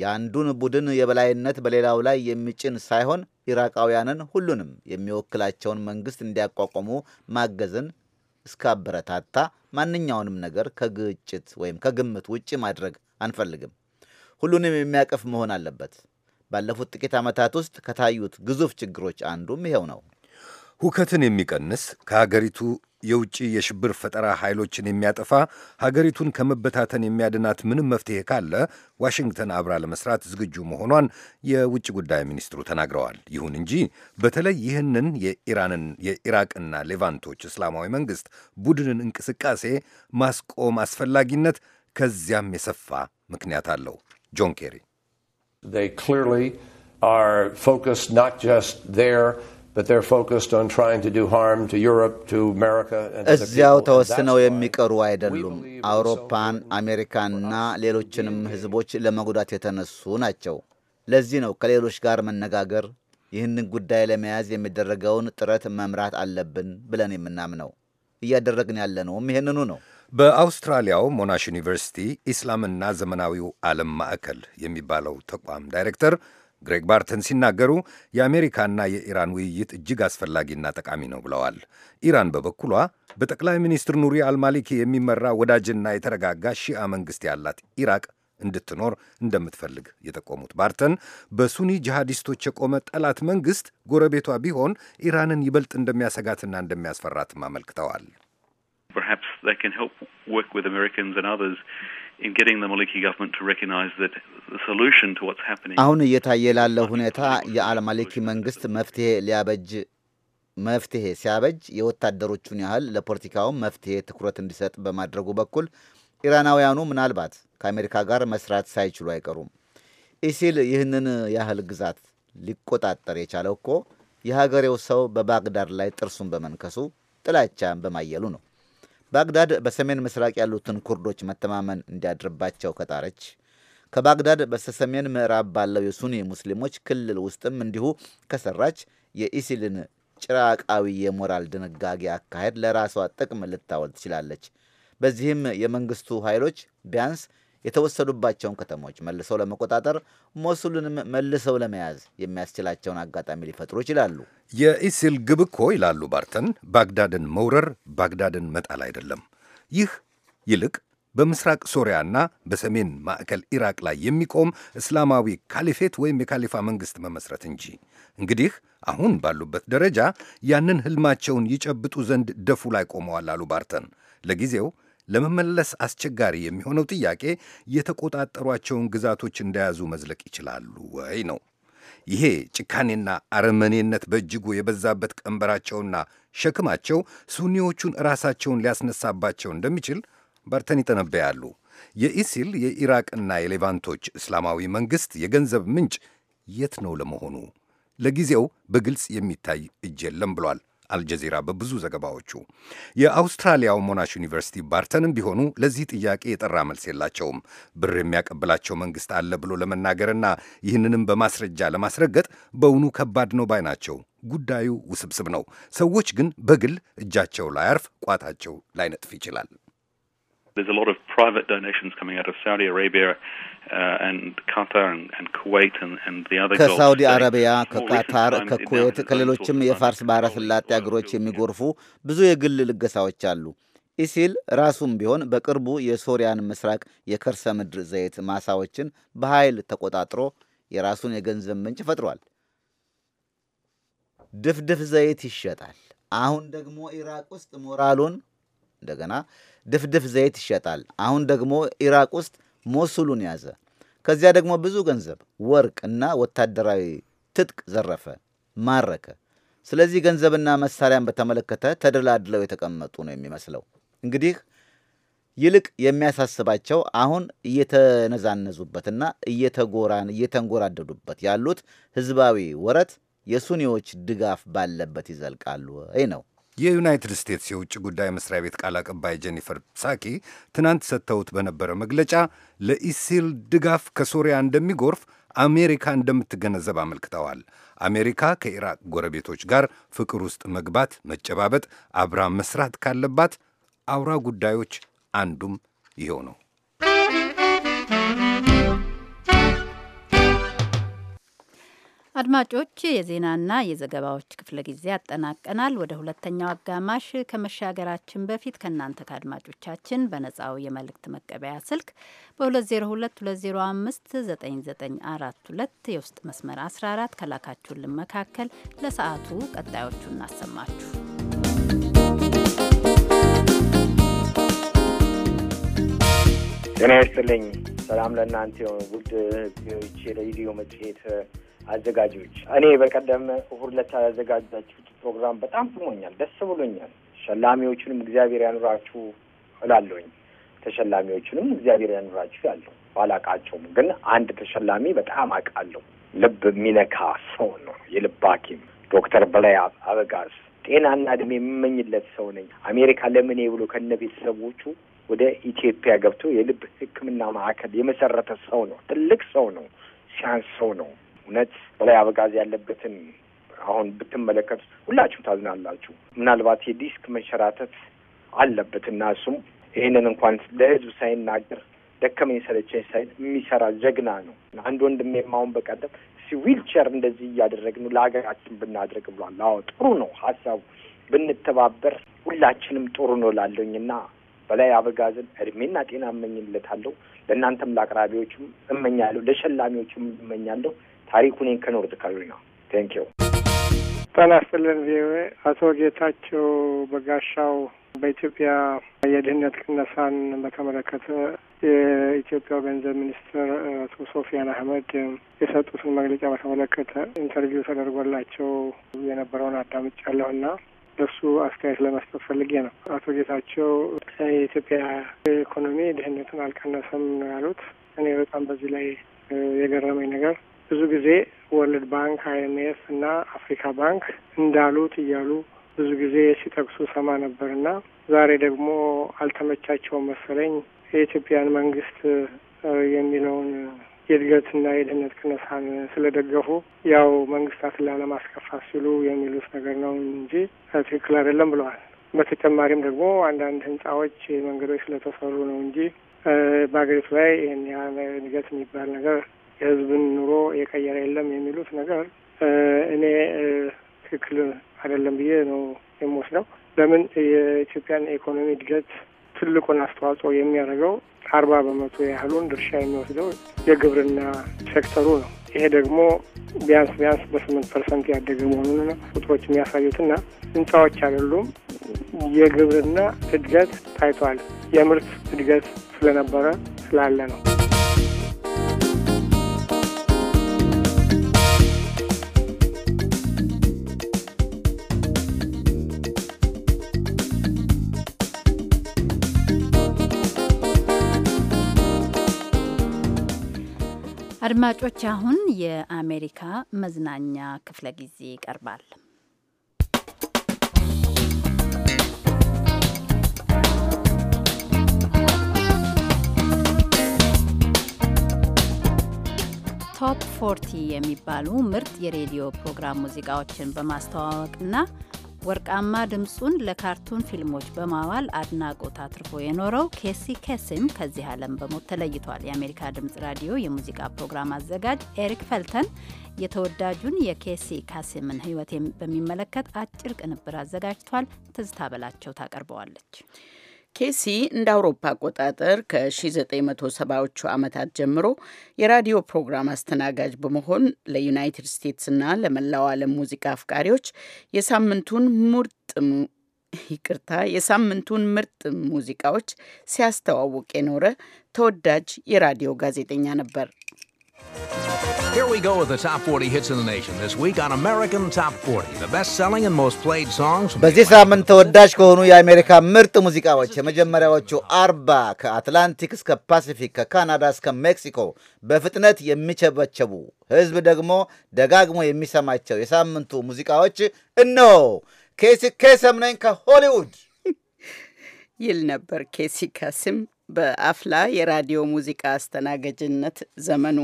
Speaker 2: የአንዱን ቡድን የበላይነት በሌላው ላይ የሚጭን ሳይሆን ኢራቃውያንን ሁሉንም የሚወክላቸውን መንግስት እንዲያቋቋሙ ማገዝን እስካበረታታ ማንኛውንም ነገር ከግጭት ወይም ከግምት ውጭ ማድረግ አንፈልግም። ሁሉንም የሚያቀፍ መሆን አለበት። ባለፉት ጥቂት ዓመታት ውስጥ ከታዩት ግዙፍ
Speaker 8: ችግሮች አንዱም ይኸው ነው። ሁከትን የሚቀንስ ከሀገሪቱ የውጭ የሽብር ፈጠራ ኃይሎችን የሚያጠፋ ሀገሪቱን ከመበታተን የሚያድናት ምንም መፍትሄ ካለ ዋሽንግተን አብራ ለመስራት ዝግጁ መሆኗን የውጭ ጉዳይ ሚኒስትሩ ተናግረዋል። ይሁን እንጂ በተለይ ይህንን የኢራንን የኢራቅና ሌቫንቶች እስላማዊ መንግሥት ቡድንን እንቅስቃሴ ማስቆም አስፈላጊነት ከዚያም የሰፋ ምክንያት አለው። ጆን ኬሪ They clearly are focused not just
Speaker 1: there እዚያው
Speaker 3: ተወስነው
Speaker 2: የሚቀሩ አይደሉም። አውሮፓን፣ አሜሪካንና ሌሎችንም ህዝቦች ለመጉዳት የተነሱ ናቸው። ለዚህ ነው ከሌሎች ጋር መነጋገር፣ ይህንን ጉዳይ ለመያዝ የሚደረገውን ጥረት መምራት አለብን ብለን የምናምነው። እያደረግን
Speaker 8: ያለነውም ይህንኑ ነው። በአውስትራሊያው ሞናሽ ዩኒቨርሲቲ ኢስላምና ዘመናዊው ዓለም ማዕከል የሚባለው ተቋም ዳይሬክተር ግሬግ ባርተን ሲናገሩ የአሜሪካና የኢራን ውይይት እጅግ አስፈላጊና ጠቃሚ ነው ብለዋል። ኢራን በበኩሏ በጠቅላይ ሚኒስትር ኑሪ አልማሊኪ የሚመራ ወዳጅና የተረጋጋ ሺአ መንግሥት ያላት ኢራቅ እንድትኖር እንደምትፈልግ የጠቆሙት ባርተን በሱኒ ጂሃዲስቶች የቆመ ጠላት መንግሥት ጎረቤቷ ቢሆን ኢራንን ይበልጥ እንደሚያሰጋትና እንደሚያስፈራትም አመልክተዋል።
Speaker 5: Perhaps they can help work with Americans and others in getting the Maliki government to recognize that the solution to what's happening. አሁን
Speaker 2: እየታየ ላለው ሁኔታ ማሊኪ መንግስት መፍትሄ ሊያበጅ መፍትሄ ሲያበጅ የወታደሮቹን ያህል ለፖለቲካውም መፍትሄ ትኩረት እንዲሰጥ በማድረጉ በኩል ኢራናውያኑ ምናልባት ከአሜሪካ ጋር መስራት ሳይችሉ አይቀሩም። ኢሲል ይህንን ያህል ግዛት ሊቆጣጠር የቻለው እኮ የሀገሬው ሰው በባግዳድ ላይ ጥርሱን በመንከሱ ጥላቻን በማየሉ ነው። ባግዳድ በሰሜን ምስራቅ ያሉትን ኩርዶች መተማመን እንዲያድርባቸው ከጣረች ከባግዳድ በስተሰሜን ምዕራብ ባለው የሱኒ ሙስሊሞች ክልል ውስጥም እንዲሁ ከሰራች የኢሲልን ጭራቃዊ የሞራል ድንጋጌ አካሄድ ለራሷ ጥቅም ልታወል ትችላለች። በዚህም የመንግስቱ ኃይሎች ቢያንስ የተወሰዱባቸውን ከተሞች መልሰው ለመቆጣጠር ሞሱልንም መልሰው ለመያዝ የሚያስችላቸውን አጋጣሚ ሊፈጥሩ
Speaker 8: ይችላሉ። የኢሲል ግብ እኮ ይላሉ ባርተን፣ ባግዳድን መውረር፣ ባግዳድን መጣል አይደለም። ይህ ይልቅ በምስራቅ ሶሪያና በሰሜን ማዕከል ኢራቅ ላይ የሚቆም እስላማዊ ካሊፌት ወይም የካሊፋ መንግሥት መመስረት እንጂ። እንግዲህ አሁን ባሉበት ደረጃ ያንን ህልማቸውን ይጨብጡ ዘንድ ደፉ ላይ ቆመዋል አሉ ባርተን ለጊዜው ለመመለስ አስቸጋሪ የሚሆነው ጥያቄ የተቆጣጠሯቸውን ግዛቶች እንደያዙ መዝለቅ ይችላሉ ወይ ነው። ይሄ ጭካኔና አረመኔነት በእጅጉ የበዛበት ቀንበራቸውና ሸክማቸው ሱኒዎቹን ራሳቸውን ሊያስነሳባቸው እንደሚችል ባርተን ይጠነበያሉ። የኢሲል የኢራቅና የሌቫንቶች እስላማዊ መንግሥት የገንዘብ ምንጭ የት ነው ለመሆኑ? ለጊዜው በግልጽ የሚታይ እጅ የለም ብሏል አልጀዚራ በብዙ ዘገባዎቹ። የአውስትራሊያው ሞናሽ ዩኒቨርሲቲ ባርተንም ቢሆኑ ለዚህ ጥያቄ የጠራ መልስ የላቸውም። ብር የሚያቀብላቸው መንግሥት አለ ብሎ ለመናገርና ይህንንም በማስረጃ ለማስረገጥ በውኑ ከባድ ነው ባይ ናቸው። ጉዳዩ ውስብስብ ነው። ሰዎች ግን በግል እጃቸው ላያርፍ፣ ቋታቸው ላይነጥፍ ይችላል።
Speaker 5: There's a lot of private donations coming out of Saudi Arabia ከሳውዲ
Speaker 2: አረቢያ፣ ከቃታር፣ ከኩዌት፣ ከሌሎችም የፋርስ ባሕረ ሰላጤ አገሮች የሚጎርፉ ብዙ የግል ልገሳዎች አሉ። ኢሲል ራሱም ቢሆን በቅርቡ የሶሪያን ምስራቅ የከርሰ ምድር ዘይት ማሳዎችን በኃይል ተቆጣጥሮ የራሱን የገንዘብ ምንጭ ፈጥሯል። ድፍድፍ ዘይት ይሸጣል። አሁን ደግሞ ኢራቅ ውስጥ ሞራሉን እንደገና ድፍድፍ ዘይት ይሸጣል። አሁን ደግሞ ኢራቅ ውስጥ ሞሱሉን ያዘ። ከዚያ ደግሞ ብዙ ገንዘብ፣ ወርቅ እና ወታደራዊ ትጥቅ ዘረፈ፣ ማረከ። ስለዚህ ገንዘብና መሳሪያን በተመለከተ ተደላድለው የተቀመጡ ነው የሚመስለው። እንግዲህ ይልቅ የሚያሳስባቸው አሁን እየተነዛነዙበትና እየተጎራን እየተንጎራደዱበት ያሉት ህዝባዊ ወረት የሱኒዎች
Speaker 8: ድጋፍ ባለበት ይዘልቃሉ ወይ ነው። የዩናይትድ ስቴትስ የውጭ ጉዳይ መስሪያ ቤት ቃል አቀባይ ጄኒፈር ሳኪ ትናንት ሰጥተውት በነበረ መግለጫ ለኢሲል ድጋፍ ከሶሪያ እንደሚጎርፍ አሜሪካ እንደምትገነዘብ አመልክተዋል። አሜሪካ ከኢራቅ ጎረቤቶች ጋር ፍቅር ውስጥ መግባት፣ መጨባበጥ፣ አብራ መስራት ካለባት አውራ ጉዳዮች አንዱም ይኸው ነው።
Speaker 1: አድማጮች የዜናና የዘገባዎች ክፍለ ጊዜ አጠናቀናል። ወደ ሁለተኛው አጋማሽ ከመሻገራችን በፊት ከእናንተ ከአድማጮቻችን በነጻው የመልእክት መቀበያ ስልክ በ2022059942 የውስጥ መስመር 14 ከላካችሁልን መካከል ለሰዓቱ ቀጣዮቹ እናሰማችሁ።
Speaker 9: ጤና ይስጥልኝ። ሰላም ለእናንተ ውድ ሬዲዮ መጽሔት አዘጋጆች። እኔ በቀደም እሑድ ዕለት ያዘጋጃችሁት ፕሮግራም በጣም ስሞኛል፣ ደስ ብሎኛል። ተሸላሚዎቹንም እግዚአብሔር ያኑራችሁ እላለሁኝ። ተሸላሚዎቹንም እግዚአብሔር ያኑራችሁ ያለሁ ባላቃቸውም ግን አንድ ተሸላሚ በጣም አውቃለሁ። ልብ የሚነካ ሰው ነው። የልብ ሐኪም ዶክተር በላይ አበጋዝ ጤናና እድሜ የምመኝለት ሰው ነኝ። አሜሪካ ለምኔ ብሎ ከነ ቤተሰቦቹ ወደ ኢትዮጵያ ገብቶ የልብ ሕክምና ማዕከል የመሰረተ ሰው ነው። ትልቅ ሰው ነው። ሲያንስ ሰው ነው። እውነት በላይ አበጋዝ ያለበትን አሁን ብትመለከቱት ሁላችሁም ታዝናላችሁ። ምናልባት የዲስክ መንሸራተት አለበት እና እሱም ይህንን እንኳን ለህዝብ ሳይናገር ደከመኝ ሰለቸኝ ሳይል የሚሰራ ጀግና ነው። አንድ ወንድሜ አሁን በቀደም ዊልቸር እንደዚህ እያደረግን ለሀገራችን ብናደርግ ብሏል። አዎ ጥሩ ነው ሀሳቡ ብንተባበር ሁላችንም ጥሩ ነው ላለኝ እና በላይ አበጋዝን እድሜና ጤና እመኝለታለሁ። ለእናንተም ለአቅራቢዎችም እመኛለሁ፣ ለሸላሚዎችም እመኛለሁ። ታሪኩ ነኝ ከኖርዝ ካሮሊና። ቴንክ ዩ
Speaker 10: ጤና ይስጥልን ቪኦኤ። አቶ ጌታቸው በጋሻው በኢትዮጵያ የድህነት ቅነሳን በተመለከተ የኢትዮጵያ ገንዘብ ሚኒስትር አቶ ሶፊያን አህመድ የሰጡትን መግለጫ በተመለከተ ኢንተርቪው ተደርጎላቸው የነበረውን አዳምጫለሁ እና ለሱ አስተያየት ለመስጠት ፈልጌ ነው። አቶ ጌታቸው የኢትዮጵያ ኢኮኖሚ ድህነትን አልቀነሰም ነው ያሉት። እኔ በጣም በዚህ ላይ የገረመኝ ነገር ብዙ ጊዜ ወርልድ ባንክ፣ አይኤምኤፍ እና አፍሪካ ባንክ እንዳሉት እያሉ ብዙ ጊዜ ሲጠቅሱ ሰማ ነበርና ዛሬ ደግሞ አልተመቻቸውም መሰለኝ የኢትዮጵያን መንግስት የሚለውን የእድገትና የድህነት ቅነሳን ስለደገፉ ያው መንግስታትን ላለማስከፋት ሲሉ የሚሉት ነገር ነው እንጂ ትክክል አይደለም ብለዋል። በተጨማሪም ደግሞ አንዳንድ ህንጻዎች፣ መንገዶች ስለተሰሩ ነው እንጂ በሀገሪቱ ላይ ይህን ያህል እድገት የሚባል ነገር የህዝብን ኑሮ የቀየረ የለም የሚሉት ነገር እኔ ትክክል አይደለም ብዬ ነው የምወስደው። ለምን የኢትዮጵያን ኢኮኖሚ እድገት ትልቁን አስተዋጽኦ የሚያደርገው አርባ በመቶ ያህሉን ድርሻ የሚወስደው የግብርና ሴክተሩ ነው። ይሄ ደግሞ ቢያንስ ቢያንስ በስምንት ፐርሰንት ያደገ መሆኑን ቁጥሮች የሚያሳዩትና ህንፃዎች አይደሉም የግብርና እድገት ታይቷል። የምርት እድገት ስለነበረ ስላለ ነው።
Speaker 1: አድማጮች፣ አሁን የአሜሪካ መዝናኛ ክፍለ ጊዜ ይቀርባል። ቶፕ ፎርቲ የሚባሉ ምርጥ የሬዲዮ ፕሮግራም ሙዚቃዎችን በማስተዋወቅና ወርቃማ ድምፁን ለካርቱን ፊልሞች በማዋል አድናቆት አትርፎ የኖረው ኬሲ ኬሲም ከዚህ ዓለም በሞት ተለይቷል። የአሜሪካ ድምፅ ራዲዮ የሙዚቃ ፕሮግራም አዘጋጅ ኤሪክ ፈልተን የተወዳጁን የኬሲ ካሲምን ሕይወት በሚመለከት አጭር ቅንብር አዘጋጅቷል። ትዝታ በላቸው ታቀርበዋለች።
Speaker 6: ኬሲ እንደ አውሮፓ አቆጣጠር ከ1970ዎቹ ዓመታት ጀምሮ የራዲዮ ፕሮግራም አስተናጋጅ በመሆን ለዩናይትድ ስቴትስና ለመላው ዓለም ሙዚቃ አፍቃሪዎች የሳምንቱን ምርጥ ይቅርታ የሳምንቱን ምርጥ ሙዚቃዎች ሲያስተዋውቅ የኖረ ተወዳጅ የራዲዮ ጋዜጠኛ ነበር።
Speaker 11: Here we go with the top 40 hits in the nation this week on American Top 40.
Speaker 2: The best-selling and most played songs. በዚህ ሳምንት ተወዳጅ ከሆኑ የአሜሪካ ምርጥ ሙዚቃዎች የመጀመሪያዎቹ አርባ ከአትላንቲክ እስከ ፓሲፊክ ከካናዳ እስከ ሜክሲኮ በፍጥነት የሚቸበቸቡ ህዝብ ደግሞ ደጋግሞ የሚሰማቸው የሳምንቱ ሙዚቃዎች
Speaker 6: እነሆ። ኬሲ ከሰም ነኝ ከሆሊውድ [LAUGHS] ይል ነበር ኬሲ ከስም በአፍላ የራዲዮ ሙዚቃ አስተናገጅነት ዘመኑ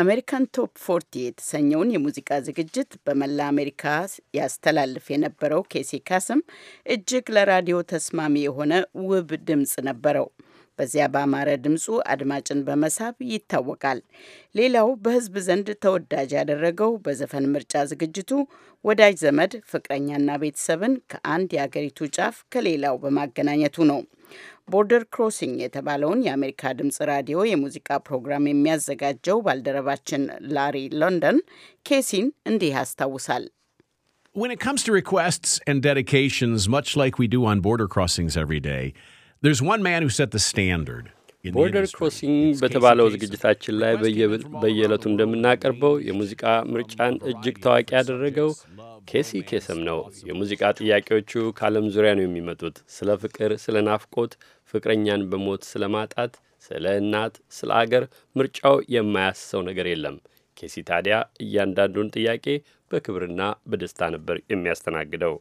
Speaker 6: አሜሪካን ቶፕ ፎርቲ የተሰኘውን የሙዚቃ ዝግጅት በመላ አሜሪካ ያስተላልፍ የነበረው ኬሲ ካስም እጅግ ለራዲዮ ተስማሚ የሆነ ውብ ድምፅ ነበረው። በዚያ ባማረ ድምፁ አድማጭን በመሳብ ይታወቃል። ሌላው በሕዝብ ዘንድ ተወዳጅ ያደረገው በዘፈን ምርጫ ዝግጅቱ ወዳጅ ዘመድ፣ ፍቅረኛና ቤተሰብን ከአንድ የአገሪቱ ጫፍ ከሌላው በማገናኘቱ ነው። ቦርደር ክሮሲንግ የተባለውን የአሜሪካ ድምፅ ራዲዮ የሙዚቃ ፕሮግራም የሚያዘጋጀው ባልደረባችን ላሪ ሎንደን ኬሲን እንዲህ ያስታውሳል።
Speaker 12: When it comes to requests and dedications, much like we do on border crossings every day, ቦርደር
Speaker 5: ክሮሲንግ በተባለው ዝግጅታችን ላይ በየዕለቱ እንደምናቀርበው የሙዚቃ ምርጫን እጅግ ታዋቂ ያደረገው ኬሲ ኬሰም ነው። የሙዚቃ ጥያቄዎቹ ከዓለም ዙሪያ ነው የሚመጡት። ስለ ፍቅር፣ ስለ ናፍቆት፣ ፍቅረኛን በሞት ስለ ማጣት፣ ስለ እናት፣ ስለ አገር ምርጫው የማያስሰው ነገር የለም። ኬሲ ታዲያ እያንዳንዱን ጥያቄ በክብርና በደስታ ነበር የሚያስተናግደው።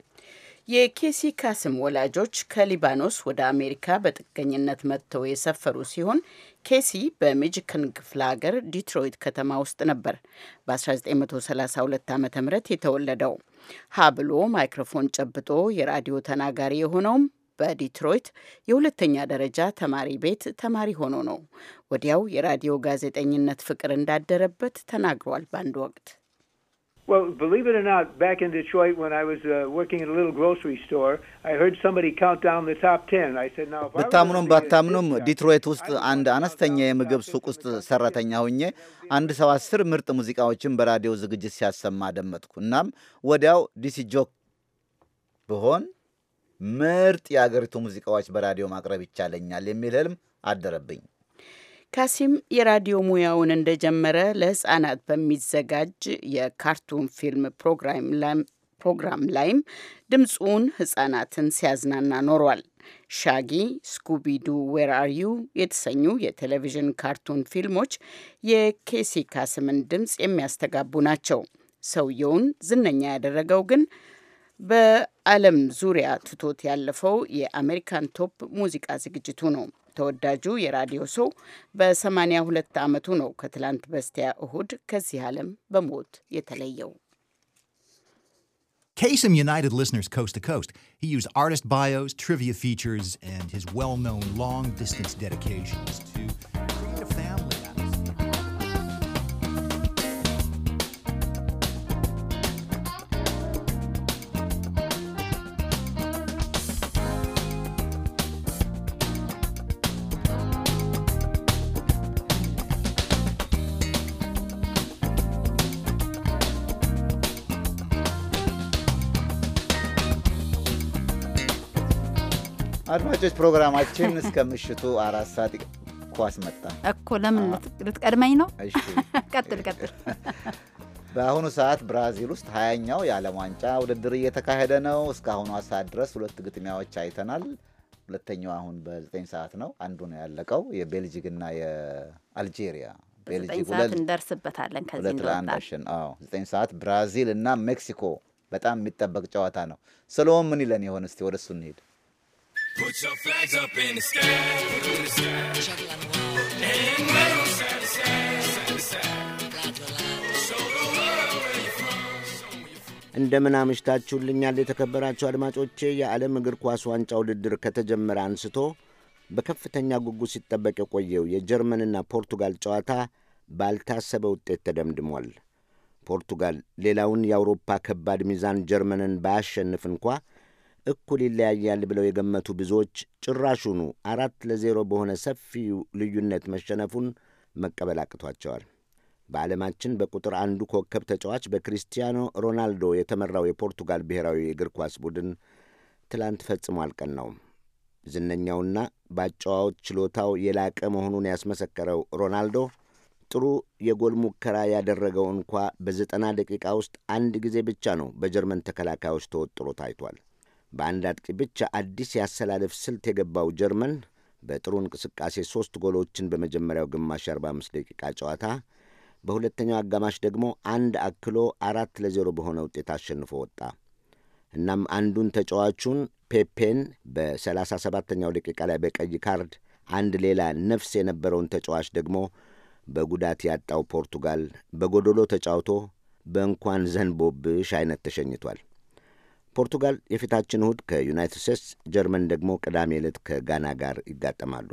Speaker 6: የኬሲ ካስም ወላጆች ከሊባኖስ ወደ አሜሪካ በጥገኝነት መጥተው የሰፈሩ ሲሆን ኬሲ በሚጅክን ክፍለ ሀገር ዲትሮይት ከተማ ውስጥ ነበር በ1932 ዓ ም የተወለደው። ብሎ ማይክሮፎን ጨብጦ የራዲዮ ተናጋሪ የሆነውም በዲትሮይት የሁለተኛ ደረጃ ተማሪ ቤት ተማሪ ሆኖ ነው። ወዲያው የራዲዮ ጋዜጠኝነት ፍቅር እንዳደረበት ተናግሯል። በአንድ ወቅት
Speaker 11: Well, believe it or not, back in Detroit when I was uh, working at a little grocery store, I heard somebody count down the top 10. I said now
Speaker 4: ብታምኑም ባታምኑም ዲትሮይት
Speaker 2: ውስጥ አንድ አነስተኛ የምግብ ሱቅ ውስጥ ሰራተኛ ሆኜ አንድ ሰው አስር ምርጥ ሙዚቃዎችን በራዲዮ ዝግጅት ሲያሰማ ደመጥኩ እናም ወዲያው ዲሲ ጆክ ብሆን ምርጥ የአገሪቱ ሙዚቃዎች በራዲዮ ማቅረብ ይቻለኛል የሚል ህልም አደረብኝ።
Speaker 6: ካሲም የራዲዮ ሙያውን እንደጀመረ ለህጻናት በሚዘጋጅ የካርቱን ፊልም ፕሮግራም ላይም ድምፁን ህጻናትን ሲያዝናና ኖሯል። ሻጊ፣ ስኩቢዱ፣ ዌር አር ዩ የተሰኙ የቴሌቪዥን ካርቱን ፊልሞች የኬሲ ካስምን ድምፅ የሚያስተጋቡ ናቸው። ሰውየውን ዝነኛ ያደረገው ግን በዓለም ዙሪያ ትቶት ያለፈው የአሜሪካን ቶፕ ሙዚቃ ዝግጅቱ ነው። ተወዳጁ የራዲዮ ሰው ዓመቱ ነው ከትላንት በስቲያ እሁድ ከዚህ ዓለም በሞት የተለየው።
Speaker 8: united listeners coast to coast. He used artist bios, trivia features, and his well-known long-distance dedications to
Speaker 2: አድማጮች ፕሮግራማችን እስከ ምሽቱ አራት ሰዓት ኳስ መጣ
Speaker 1: እኮ ለምን ልትቀድመኝ ነው? [LAUGHS] ቀጥል ቀጥል።
Speaker 2: [LAUGHS] በአሁኑ ሰዓት ብራዚል ውስጥ ሀያኛው የዓለም ዋንጫ ውድድር እየተካሄደ ነው። እስካሁኗ ሰዓት ድረስ ሁለት ግጥሚያዎች አይተናል። ሁለተኛው አሁን በዘጠኝ ሰዓት ነው። አንዱ ነው ያለቀው የቤልጂግና የአልጄሪያ ዘጠኝ ሰዓት ብራዚል እና ሜክሲኮ በጣም የሚጠበቅ ጨዋታ ነው። ስለሆን ምን ይለን ይሆን? እስቲ ወደ እሱ እንሄድ።
Speaker 1: Put your flags
Speaker 9: up in the sky, in the sky. And wave them side to side,
Speaker 7: side to side.
Speaker 12: እንደምን አምሽታችሁልኛል የተከበራችሁ አድማጮቼ። የዓለም እግር ኳስ ዋንጫ ውድድር ከተጀመረ አንስቶ በከፍተኛ ጉጉት ሲጠበቅ የቆየው የጀርመንና ፖርቱጋል ጨዋታ ባልታሰበ ውጤት ተደምድሟል። ፖርቱጋል ሌላውን የአውሮፓ ከባድ ሚዛን ጀርመንን ባያሸንፍ እንኳ እኩል ይለያያል ብለው የገመቱ ብዙዎች ጭራሹኑ አራት ለዜሮ በሆነ ሰፊው ልዩነት መሸነፉን መቀበል አቅቷቸዋል። በዓለማችን በቁጥር አንዱ ኮከብ ተጫዋች በክሪስቲያኖ ሮናልዶ የተመራው የፖርቱጋል ብሔራዊ የእግር ኳስ ቡድን ትላንት ፈጽሞ አልቀናውም። ዝነኛውና በአጨዋወት ችሎታው የላቀ መሆኑን ያስመሰከረው ሮናልዶ ጥሩ የጎል ሙከራ ያደረገው እንኳ በዘጠና ደቂቃ ውስጥ አንድ ጊዜ ብቻ ነው በጀርመን ተከላካዮች ተወጥሮ ታይቷል። በአንድ አጥቂ ብቻ አዲስ የአሰላለፍ ስልት የገባው ጀርመን በጥሩ እንቅስቃሴ ሦስት ጎሎችን በመጀመሪያው ግማሽ 45 ደቂቃ ጨዋታ በሁለተኛው አጋማሽ ደግሞ አንድ አክሎ አራት ለዜሮ በሆነ ውጤት አሸንፎ ወጣ። እናም አንዱን ተጫዋቹን ፔፔን በ37ኛው ደቂቃ ላይ በቀይ ካርድ አንድ ሌላ ነፍስ የነበረውን ተጫዋች ደግሞ በጉዳት ያጣው ፖርቱጋል በጎዶሎ ተጫውቶ በእንኳን ዘንቦብሽ አይነት ተሸኝቷል። ፖርቱጋል የፊታችን እሁድ ከዩናይትድ ስቴትስ፣ ጀርመን ደግሞ ቅዳሜ ዕለት ከጋና ጋር ይጋጠማሉ።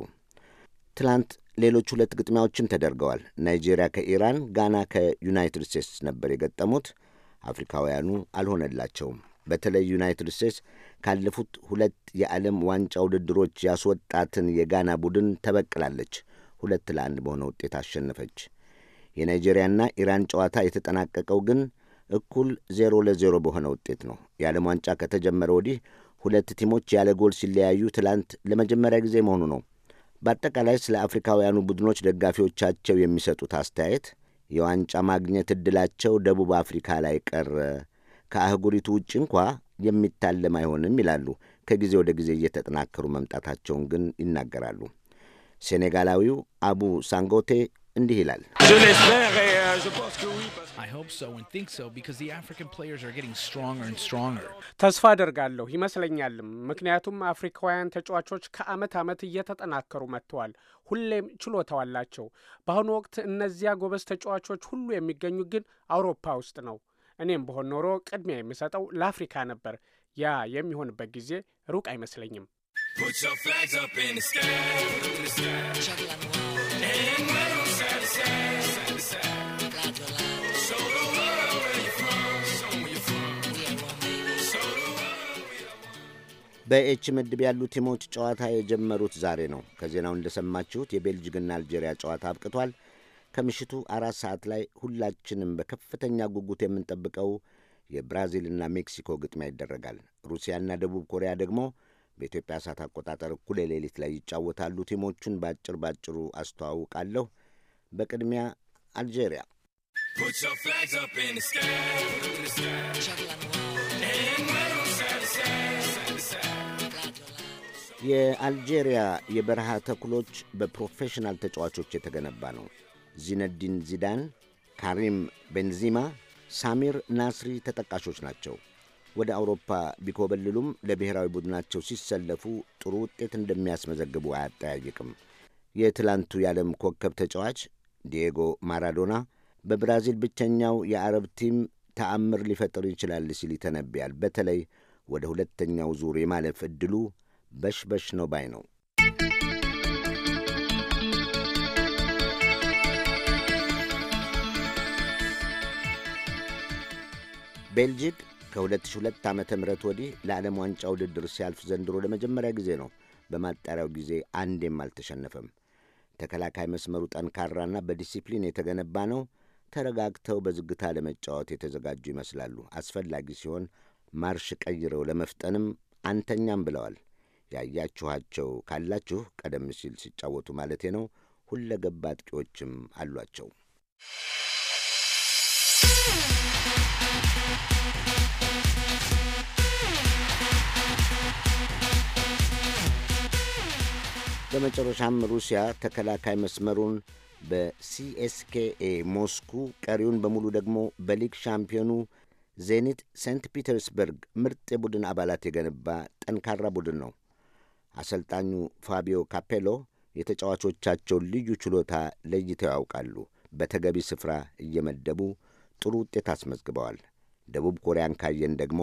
Speaker 12: ትላንት ሌሎች ሁለት ግጥሚያዎችም ተደርገዋል። ናይጄሪያ ከኢራን፣ ጋና ከዩናይትድ ስቴትስ ነበር የገጠሙት። አፍሪካውያኑ አልሆነላቸውም። በተለይ ዩናይትድ ስቴትስ ካለፉት ሁለት የዓለም ዋንጫ ውድድሮች ያስወጣትን የጋና ቡድን ተበቅላለች። ሁለት ለአንድ በሆነ ውጤት አሸነፈች። የናይጄሪያና ኢራን ጨዋታ የተጠናቀቀው ግን እኩል ዜሮ ለዜሮ በሆነ ውጤት ነው። የዓለም ዋንጫ ከተጀመረ ወዲህ ሁለት ቲሞች ያለ ጎል ሲለያዩ ትላንት ለመጀመሪያ ጊዜ መሆኑ ነው። በአጠቃላይ ስለ አፍሪካውያኑ ቡድኖች ደጋፊዎቻቸው የሚሰጡት አስተያየት የዋንጫ ማግኘት ዕድላቸው ደቡብ አፍሪካ ላይ ቀረ፣ ከአህጉሪቱ ውጭ እንኳ የሚታለም አይሆንም ይላሉ። ከጊዜ ወደ ጊዜ እየተጠናከሩ መምጣታቸውን ግን ይናገራሉ። ሴኔጋላዊው አቡ ሳንጎቴ እንዲህ ይላል።
Speaker 11: euh,
Speaker 4: ተስፋ አደርጋለሁ ይመስለኛልም፣ ምክንያቱም አፍሪካውያን ተጫዋቾች ከአመት አመት እየተጠናከሩ መጥተዋል። ሁሌም ችሎታው አላቸው። በአሁኑ ወቅት እነዚያ ጎበዝ ተጫዋቾች ሁሉ የሚገኙ ግን አውሮፓ ውስጥ ነው። እኔም በሆን ኖሮ ቅድሚያ የሚሰጠው ለአፍሪካ ነበር። ያ የሚሆንበት ጊዜ ሩቅ አይመስለኝም።
Speaker 5: Put your flags
Speaker 9: up in the sky. In the sky.
Speaker 12: በኤች ምድብ ያሉ ቲሞች ጨዋታ የጀመሩት ዛሬ ነው። ከዜናው እንደሰማችሁት የቤልጅግና አልጄሪያ ጨዋታ አብቅቷል። ከምሽቱ አራት ሰዓት ላይ ሁላችንም በከፍተኛ ጉጉት የምንጠብቀው የብራዚልና ሜክሲኮ ግጥሚያ ይደረጋል። ሩሲያና ደቡብ ኮሪያ ደግሞ በኢትዮጵያ ሰዓት አቆጣጠር እኩለ ሌሊት ላይ ይጫወታሉ። ቲሞቹን በአጭር ባጭሩ አስተዋውቃለሁ። በቅድሚያ አልጄሪያ የአልጄሪያ የበረሃ ተኩሎች በፕሮፌሽናል ተጫዋቾች የተገነባ ነው። ዚነዲን ዚዳን፣ ካሪም ቤንዚማ፣ ሳሚር ናስሪ ተጠቃሾች ናቸው። ወደ አውሮፓ ቢኮበልሉም ለብሔራዊ ቡድናቸው ሲሰለፉ ጥሩ ውጤት እንደሚያስመዘግቡ አያጠያይቅም። የትላንቱ የዓለም ኮከብ ተጫዋች ዲየጎ ማራዶና በብራዚል ብቸኛው የአረብ ቲም ተአምር ሊፈጥር ይችላል ሲል ይተነብያል። በተለይ ወደ ሁለተኛው ዙር የማለፍ ዕድሉ በሽበሽ ነው ባይ ነው። ቤልጂክ ከ2002 ዓ ም ወዲህ ለዓለም ዋንጫ ውድድር ሲያልፍ ዘንድሮ ለመጀመሪያ ጊዜ ነው። በማጣሪያው ጊዜ አንዴም አልተሸነፈም። ተከላካይ መስመሩ ጠንካራና በዲሲፕሊን የተገነባ ነው። ተረጋግተው በዝግታ ለመጫወት የተዘጋጁ ይመስላሉ። አስፈላጊ ሲሆን ማርሽ ቀይረው ለመፍጠንም አንተኛም ብለዋል። ያያችኋቸው ካላችሁ ቀደም ሲል ሲጫወቱ ማለቴ ነው። ሁለገባ አጥቂዎችም አሏቸው። በመጨረሻም ሩሲያ ተከላካይ መስመሩን በሲኤስኬኤ ሞስኩ፣ ቀሪውን በሙሉ ደግሞ በሊግ ሻምፒዮኑ ዜኒት ሴንት ፒተርስበርግ ምርጥ የቡድን አባላት የገነባ ጠንካራ ቡድን ነው። አሰልጣኙ ፋቢዮ ካፔሎ የተጫዋቾቻቸውን ልዩ ችሎታ ለይተው ያውቃሉ። በተገቢ ስፍራ እየመደቡ ጥሩ ውጤት አስመዝግበዋል። ደቡብ ኮሪያን ካየን ደግሞ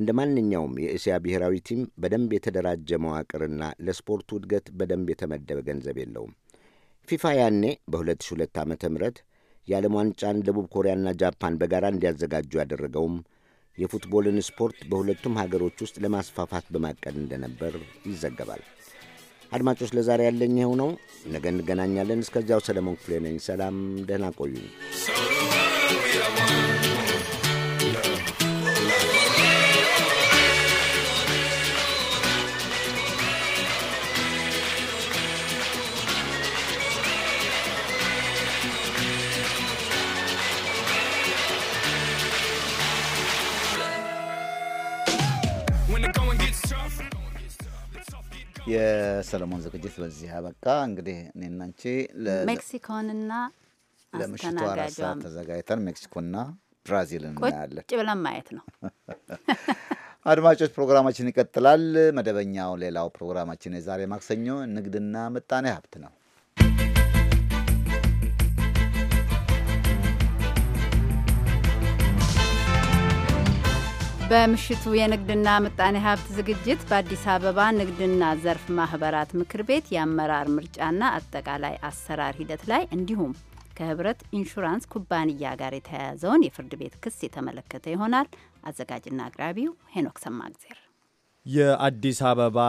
Speaker 12: እንደ ማንኛውም የእስያ ብሔራዊ ቲም በደንብ የተደራጀ መዋቅርና ለስፖርቱ እድገት በደንብ የተመደበ ገንዘብ የለውም። ፊፋ ያኔ በ2002 ዓ ም የዓለም ዋንጫን ደቡብ ኮሪያና ጃፓን በጋራ እንዲያዘጋጁ ያደረገውም የፉትቦልን ስፖርት በሁለቱም ሀገሮች ውስጥ ለማስፋፋት በማቀድ እንደነበር ይዘገባል። አድማጮች፣ ለዛሬ ያለኝ ይኸው ነው። ነገ እንገናኛለን። እስከዚያው ሰለሞን ክፍሌ ነኝ። ሰላም፣ ደህና ቆዩኝ።
Speaker 2: የሰለሞን ዝግጅት በዚህ አበቃ። እንግዲህ እኔና አንቺ
Speaker 1: ሜክሲኮንና ለምሽቱ አራት
Speaker 2: ተዘጋጅተን ሜክሲኮና ብራዚል እናያለን። ቁጭ
Speaker 1: ብለን ማየት ነው።
Speaker 2: [LAUGHS] አድማጮች ፕሮግራማችን ይቀጥላል። መደበኛው ሌላው ፕሮግራማችን የዛሬ ማክሰኞ ንግድና ምጣኔ ሀብት ነው።
Speaker 1: በምሽቱ የንግድና ምጣኔ ሀብት ዝግጅት በአዲስ አበባ ንግድና ዘርፍ ማህበራት ምክር ቤት የአመራር ምርጫና አጠቃላይ አሰራር ሂደት ላይ እንዲሁም ከህብረት ኢንሹራንስ ኩባንያ ጋር የተያያዘውን የፍርድ ቤት ክስ የተመለከተ ይሆናል። አዘጋጅና አቅራቢው ሄኖክ ሰማግዜር።
Speaker 7: የአዲስ አበባ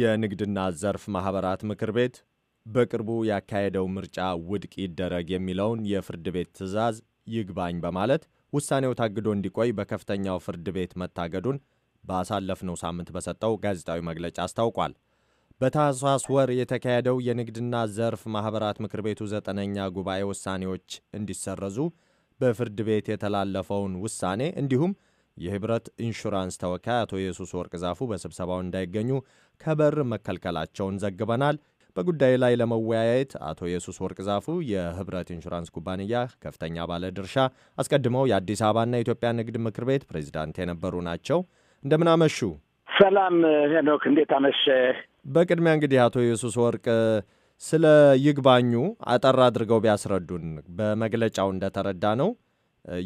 Speaker 7: የንግድና ዘርፍ ማህበራት ምክር ቤት በቅርቡ ያካሄደው ምርጫ ውድቅ ይደረግ የሚለውን የፍርድ ቤት ትዕዛዝ ይግባኝ በማለት ውሳኔው ታግዶ እንዲቆይ በከፍተኛው ፍርድ ቤት መታገዱን ባሳለፍነው ሳምንት በሰጠው ጋዜጣዊ መግለጫ አስታውቋል። በታህሳስ ወር የተካሄደው የንግድና ዘርፍ ማኅበራት ምክር ቤቱ ዘጠነኛ ጉባኤ ውሳኔዎች እንዲሰረዙ በፍርድ ቤት የተላለፈውን ውሳኔ እንዲሁም የህብረት ኢንሹራንስ ተወካይ አቶ ኢየሱስ ወርቅ ዛፉ በስብሰባው እንዳይገኙ ከበር መከልከላቸውን ዘግበናል። በጉዳዩ ላይ ለመወያየት አቶ ኢየሱስ ወርቅ ዛፉ የህብረት ኢንሹራንስ ኩባንያ ከፍተኛ ባለ ድርሻ አስቀድመው የአዲስ አበባና የኢትዮጵያ ንግድ ምክር ቤት ፕሬዚዳንት የነበሩ ናቸው። እንደምን አመሹ? ሰላም ሄኖክ፣ እንዴት አመሸ? በቅድሚያ እንግዲህ አቶ ኢየሱስ ወርቅ ስለ ይግባኙ አጠር አድርገው ቢያስረዱን። በመግለጫው እንደተረዳ ነው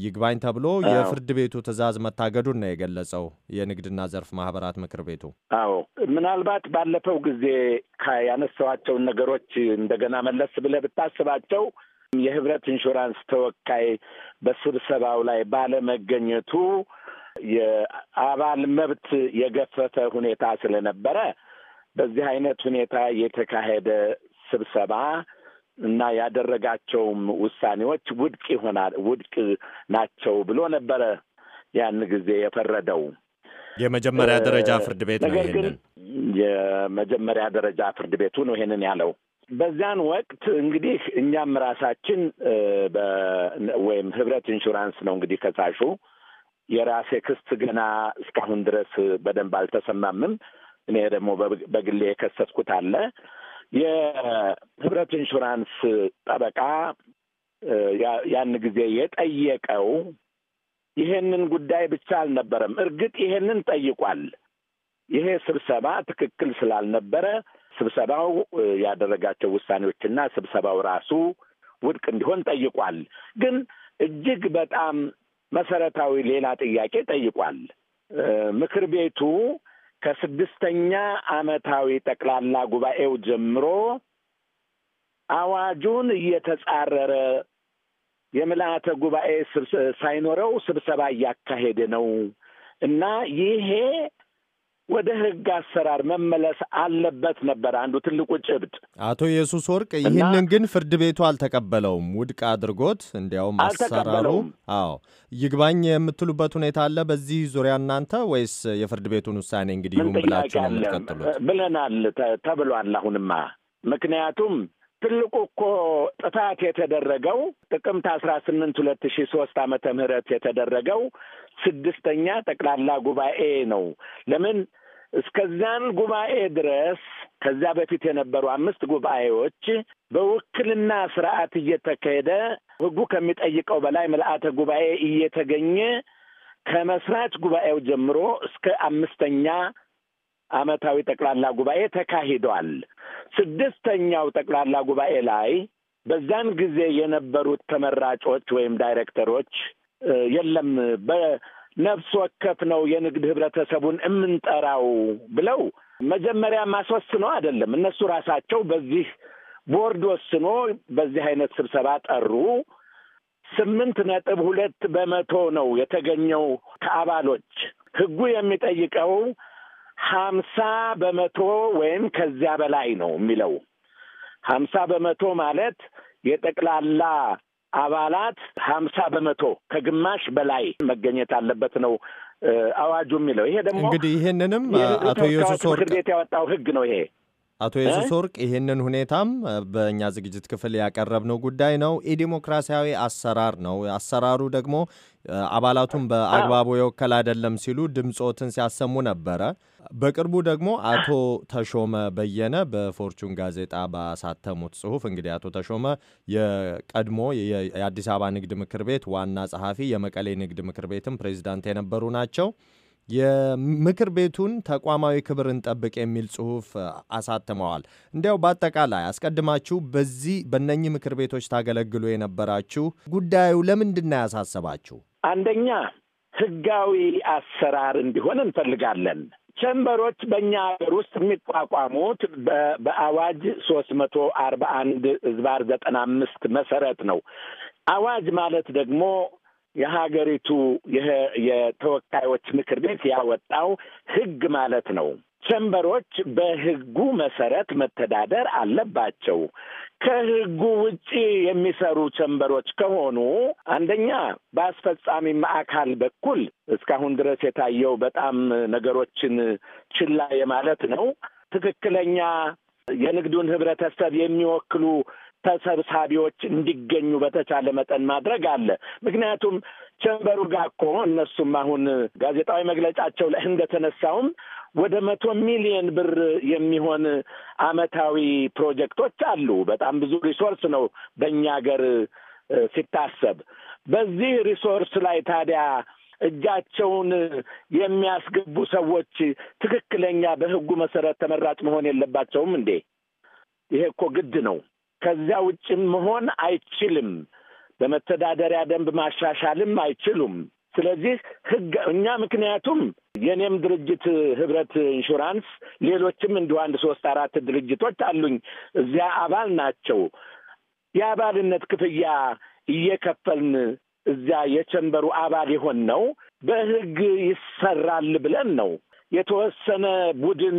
Speaker 7: ይግባኝ ተብሎ የፍርድ ቤቱ ትዕዛዝ መታገዱን ነው የገለጸው የንግድና ዘርፍ ማህበራት ምክር ቤቱ።
Speaker 11: አዎ ምናልባት ባለፈው ጊዜ ያነሳኋቸውን ነገሮች እንደገና መለስ ብለህ ብታስባቸው የህብረት ኢንሹራንስ ተወካይ በስብሰባው ላይ ባለመገኘቱ የአባል መብት የገፈፈ ሁኔታ ስለነበረ በዚህ አይነት ሁኔታ የተካሄደ ስብሰባ እና ያደረጋቸውም ውሳኔዎች ውድቅ ይሆናል ውድቅ ናቸው ብሎ ነበረ ያን ጊዜ የፈረደው
Speaker 7: የመጀመሪያ ደረጃ ፍርድ ቤት ነው። ነገር ግን
Speaker 11: የመጀመሪያ ደረጃ ፍርድ ቤቱ ነው ይሄንን ያለው። በዚያን ወቅት እንግዲህ እኛም ራሳችን ወይም ህብረት ኢንሹራንስ ነው እንግዲህ ከሳሹ የራሴ ክስት ገና እስካሁን ድረስ በደንብ አልተሰማምም። እኔ ደግሞ በግሌ የከሰስኩት አለ የህብረት ኢንሹራንስ ጠበቃ ያን ጊዜ የጠየቀው ይሄንን ጉዳይ ብቻ አልነበረም። እርግጥ ይሄንን ጠይቋል። ይሄ ስብሰባ ትክክል ስላልነበረ ስብሰባው ያደረጋቸው ውሳኔዎችና ስብሰባው ራሱ ውድቅ እንዲሆን ጠይቋል። ግን እጅግ በጣም መሰረታዊ ሌላ ጥያቄ ጠይቋል። ምክር ቤቱ ከስድስተኛ ዓመታዊ ጠቅላላ ጉባኤው ጀምሮ አዋጁን እየተጻረረ የምልአተ ጉባኤ ሳይኖረው ስብሰባ እያካሄደ ነው እና ይሄ ወደ ህግ አሰራር መመለስ አለበት ነበር አንዱ ትልቁ ጭብጥ።
Speaker 7: አቶ ኢየሱስ ወርቅ ይህንን ግን ፍርድ ቤቱ አልተቀበለውም፣ ውድቅ አድርጎት እንዲያውም አሰራሩ። አዎ ይግባኝ የምትሉበት ሁኔታ አለ በዚህ ዙሪያ እናንተ ወይስ የፍርድ ቤቱን ውሳኔ እንግዲህ ይሁን ብላችሁ ነው የምትቀጥሉት? ብለናል ተብሏል። አሁንማ
Speaker 11: ምክንያቱም ትልቁ እኮ ጥፋት የተደረገው ጥቅምት አስራ ስምንት ሁለት ሺ ሶስት አመተ ምህረት የተደረገው ስድስተኛ ጠቅላላ ጉባኤ ነው። ለምን እስከዛን ጉባኤ ድረስ ከዛ በፊት የነበሩ አምስት ጉባኤዎች በውክልና ስርዓት እየተካሄደ ህጉ ከሚጠይቀው በላይ ምልአተ ጉባኤ እየተገኘ ከመስራች ጉባኤው ጀምሮ እስከ አምስተኛ ዓመታዊ ጠቅላላ ጉባኤ ተካሂዷል። ስድስተኛው ጠቅላላ ጉባኤ ላይ በዛን ጊዜ የነበሩት ተመራጮች ወይም ዳይሬክተሮች የለም በነፍስ ወከፍ ነው የንግድ ህብረተሰቡን የምንጠራው ብለው መጀመሪያ ማስወስነው አይደለም እነሱ ራሳቸው በዚህ ቦርድ ወስኖ በዚህ አይነት ስብሰባ ጠሩ። ስምንት ነጥብ ሁለት በመቶ ነው የተገኘው ከአባሎች ህጉ የሚጠይቀው ሀምሳ በመቶ ወይም ከዚያ በላይ ነው የሚለው። ሀምሳ በመቶ ማለት የጠቅላላ አባላት ሀምሳ በመቶ ከግማሽ በላይ መገኘት አለበት ነው አዋጁ የሚለው። ይሄ ደግሞ እንግዲህ
Speaker 7: ይህንንም አቶ ኢየሱስ ምክር
Speaker 11: ቤት ያወጣው ህግ ነው። ይሄ
Speaker 7: አቶ የሱስ ወርቅ ይህንን ሁኔታም በእኛ ዝግጅት ክፍል ያቀረብነው ጉዳይ ነው። ኢዲሞክራሲያዊ አሰራር ነው። አሰራሩ ደግሞ አባላቱን በአግባቡ የወከል አይደለም ሲሉ ድምፆትን ሲያሰሙ ነበረ። በቅርቡ ደግሞ አቶ ተሾመ በየነ በፎርቹን ጋዜጣ ባሳተሙት ጽሁፍ እንግዲህ አቶ ተሾመ የቀድሞ የአዲስ አበባ ንግድ ምክር ቤት ዋና ጸሐፊ፣ የመቀሌ ንግድ ምክር ቤትም ፕሬዚዳንት የነበሩ ናቸው። የምክር ቤቱን ተቋማዊ ክብር እንጠብቅ የሚል ጽሁፍ አሳትመዋል። እንዲያው በአጠቃላይ አስቀድማችሁ በዚህ በነኚህ ምክር ቤቶች ታገለግሉ የነበራችሁ ጉዳዩ ለምንድን ነው ያሳሰባችሁ?
Speaker 11: አንደኛ ህጋዊ አሰራር እንዲሆን እንፈልጋለን። ቸምበሮች በእኛ ሀገር ውስጥ የሚቋቋሙት በአዋጅ ሶስት መቶ አርባ አንድ ህዝባር ዘጠና አምስት መሰረት ነው። አዋጅ ማለት ደግሞ የሀገሪቱ የተወካዮች ምክር ቤት ያወጣው ህግ ማለት ነው። ቸምበሮች በህጉ መሰረት መተዳደር አለባቸው። ከህጉ ውጪ የሚሰሩ ቸምበሮች ከሆኑ አንደኛ በአስፈጻሚ አካል በኩል እስካሁን ድረስ የታየው በጣም ነገሮችን ችላ የማለት ነው። ትክክለኛ የንግዱን ህብረተሰብ የሚወክሉ ተሰብሳቢዎች እንዲገኙ በተቻለ መጠን ማድረግ አለ። ምክንያቱም ቸምበሩ ጋር እኮ እነሱም አሁን ጋዜጣዊ መግለጫቸው ላይ እንደተነሳውም ወደ መቶ ሚሊየን ብር የሚሆን አመታዊ ፕሮጀክቶች አሉ። በጣም ብዙ ሪሶርስ ነው በእኛ ሀገር ሲታሰብ። በዚህ ሪሶርስ ላይ ታዲያ እጃቸውን የሚያስገቡ ሰዎች ትክክለኛ በህጉ መሰረት ተመራጭ መሆን የለባቸውም እንዴ? ይሄ እኮ ግድ ነው። ከዚያ ውጭም መሆን አይችልም። በመተዳደሪያ ደንብ ማሻሻልም አይችሉም። ስለዚህ ህግ እኛ ምክንያቱም የኔም ድርጅት ህብረት ኢንሹራንስ ሌሎችም እንዲሁ አንድ ሶስት አራት ድርጅቶች አሉኝ። እዚያ አባል ናቸው። የአባልነት ክፍያ እየከፈልን እዚያ የቸንበሩ አባል የሆን ነው በህግ ይሰራል ብለን ነው። የተወሰነ ቡድን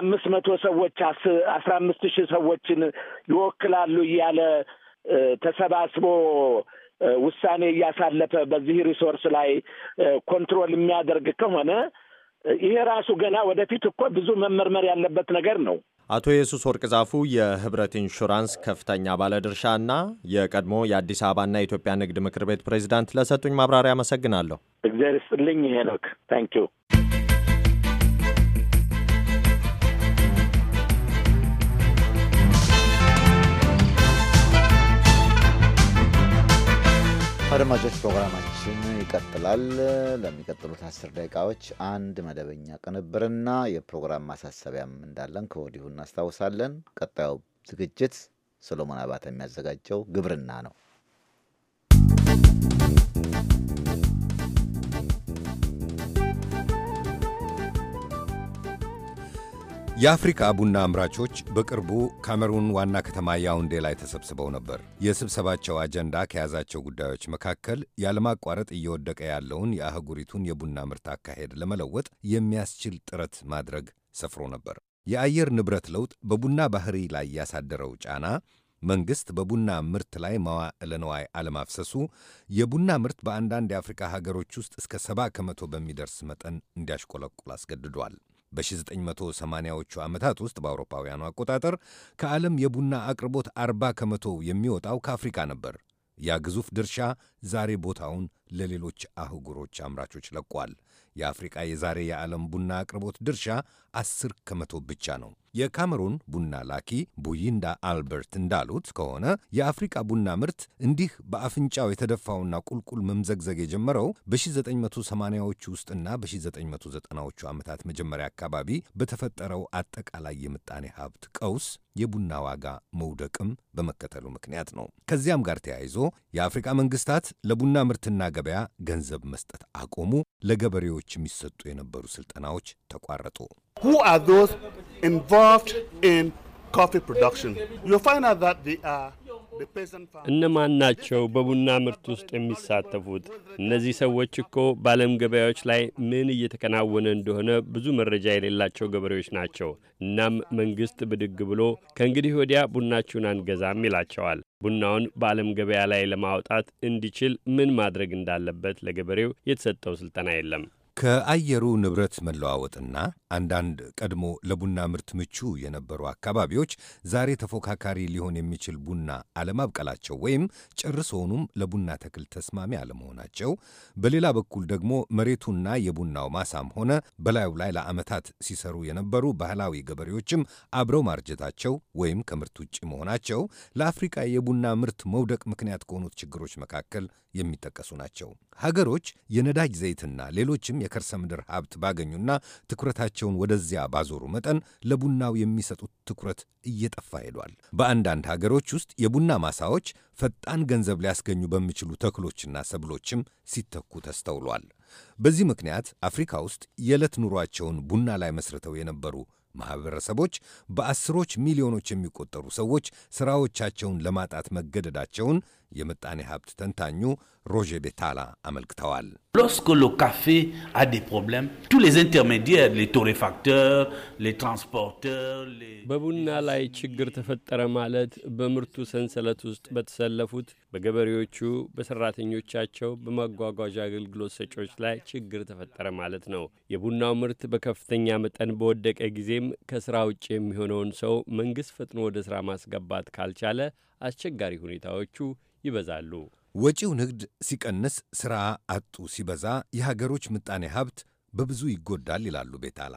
Speaker 11: አምስት መቶ ሰዎች አስራ አምስት ሺህ ሰዎችን ይወክላሉ እያለ ተሰባስቦ ውሳኔ እያሳለፈ በዚህ ሪሶርስ ላይ ኮንትሮል የሚያደርግ ከሆነ ይሄ ራሱ ገና ወደፊት እኮ ብዙ መመርመር ያለበት ነገር ነው።
Speaker 7: አቶ ኢየሱስ ወርቅ ዛፉ የህብረት ኢንሹራንስ ከፍተኛ ባለድርሻ እና የቀድሞ የአዲስ አበባና የኢትዮጵያ ንግድ ምክር ቤት ፕሬዚዳንት ለሰጡኝ ማብራሪያ አመሰግናለሁ።
Speaker 11: እግዚአብሔር ይስጥልኝ። ሄኖክ ታንኪዩ።
Speaker 2: አድማጮች ፕሮግራማችን ይቀጥላል። ለሚቀጥሉት አስር ደቂቃዎች አንድ መደበኛ ቅንብርና የፕሮግራም ማሳሰቢያም እንዳለን ከወዲሁ እናስታውሳለን። ቀጣዩ ዝግጅት ሰሎሞን አባተ የሚያዘጋጀው ግብርና ነው።
Speaker 8: የአፍሪካ ቡና አምራቾች በቅርቡ ካሜሩን ዋና ከተማ ያውንዴ ላይ ተሰብስበው ነበር። የስብሰባቸው አጀንዳ ከያዛቸው ጉዳዮች መካከል ያለማቋረጥ እየወደቀ ያለውን የአህጉሪቱን የቡና ምርት አካሄድ ለመለወጥ የሚያስችል ጥረት ማድረግ ሰፍሮ ነበር። የአየር ንብረት ለውጥ በቡና ባህሪ ላይ ያሳደረው ጫና፣ መንግሥት በቡና ምርት ላይ መዋዕለ ንዋይ አለማፍሰሱ፣ የቡና ምርት በአንዳንድ የአፍሪካ ሀገሮች ውስጥ እስከ ሰባ ከመቶ በሚደርስ መጠን እንዲያሽቆለቁል አስገድዷል። በ1980ዎቹ ዓመታት ውስጥ በአውሮፓውያኑ አቆጣጠር ከዓለም የቡና አቅርቦት 40 ከመቶ የሚወጣው ከአፍሪካ ነበር። ያ ግዙፍ ድርሻ ዛሬ ቦታውን ለሌሎች አህጉሮች አምራቾች ለቋል። የአፍሪቃ የዛሬ የዓለም ቡና አቅርቦት ድርሻ 10 ከመቶ ብቻ ነው። የካሜሩን ቡና ላኪ ቡይንዳ አልበርት እንዳሉት ከሆነ የአፍሪቃ ቡና ምርት እንዲህ በአፍንጫው የተደፋውና ቁልቁል መምዘግዘግ የጀመረው በ1980ዎቹ ውስጥና በ1990ዎቹ ዓመታት መጀመሪያ አካባቢ በተፈጠረው አጠቃላይ የምጣኔ ሀብት ቀውስ የቡና ዋጋ መውደቅም በመከተሉ ምክንያት ነው። ከዚያም ጋር ተያይዞ የአፍሪቃ መንግስታት ለቡና ምርትና ገበያ ገንዘብ መስጠት አቆሙ። ለገበሬዎች የሚሰጡ የነበሩ ስልጠናዎች ተቋረጡ።
Speaker 3: who are those involved in
Speaker 5: coffee production?
Speaker 3: You'll find out that they are
Speaker 5: እነማን ናቸው በቡና ምርት ውስጥ የሚሳተፉት? እነዚህ ሰዎች እኮ በዓለም ገበያዎች ላይ ምን እየተከናወነ እንደሆነ ብዙ መረጃ የሌላቸው ገበሬዎች ናቸው። እናም መንግሥት ብድግ ብሎ ከእንግዲህ ወዲያ ቡናችሁን አንገዛም ይላቸዋል። ቡናውን በዓለም ገበያ ላይ ለማውጣት እንዲችል ምን ማድረግ እንዳለበት ለገበሬው የተሰጠው ስልጠና የለም።
Speaker 8: ከአየሩ ንብረት መለዋወጥና አንዳንድ ቀድሞ ለቡና ምርት ምቹ የነበሩ አካባቢዎች ዛሬ ተፎካካሪ ሊሆን የሚችል ቡና አለማብቀላቸው ወይም ጨርሶውኑም ለቡና ተክል ተስማሚ አለመሆናቸው፣ በሌላ በኩል ደግሞ መሬቱና የቡናው ማሳም ሆነ በላዩ ላይ ለዓመታት ሲሰሩ የነበሩ ባህላዊ ገበሬዎችም አብረው ማርጀታቸው ወይም ከምርት ውጭ መሆናቸው ለአፍሪቃ የቡና ምርት መውደቅ ምክንያት ከሆኑት ችግሮች መካከል የሚጠቀሱ ናቸው። ሀገሮች የነዳጅ ዘይትና ሌሎችም የከርሰ ምድር ሀብት ባገኙና ትኩረታቸውን ወደዚያ ባዞሩ መጠን ለቡናው የሚሰጡት ትኩረት እየጠፋ ሄዷል። በአንዳንድ ሀገሮች ውስጥ የቡና ማሳዎች ፈጣን ገንዘብ ሊያስገኙ በሚችሉ ተክሎችና ሰብሎችም ሲተኩ ተስተውሏል። በዚህ ምክንያት አፍሪካ ውስጥ የዕለት ኑሯቸውን ቡና ላይ መስርተው የነበሩ ማህበረሰቦች በአስሮች ሚሊዮኖች የሚቆጠሩ ሰዎች ሥራዎቻቸውን ለማጣት መገደዳቸውን የምጣኔ ሀብት ተንታኙ ሮዤ ቤታላ አመልክተዋል። በቡና
Speaker 5: ላይ ችግር ተፈጠረ ማለት በምርቱ ሰንሰለት ውስጥ በተሰለፉት በገበሬዎቹ፣ በሰራተኞቻቸው፣ በማጓጓዣ አገልግሎት ሰጪዎች ላይ ችግር ተፈጠረ ማለት ነው። የቡናው ምርት በከፍተኛ መጠን በወደቀ ጊዜም ከስራ ውጭ የሚሆነውን ሰው መንግስት ፈጥኖ ወደ ስራ ማስገባት ካልቻለ አስቸጋሪ ሁኔታዎቹ ይበዛሉ።
Speaker 8: ወጪው ንግድ ሲቀንስ፣ ሥራ አጡ ሲበዛ የሀገሮች ምጣኔ ሀብት በብዙ ይጎዳል ይላሉ ቤታላ።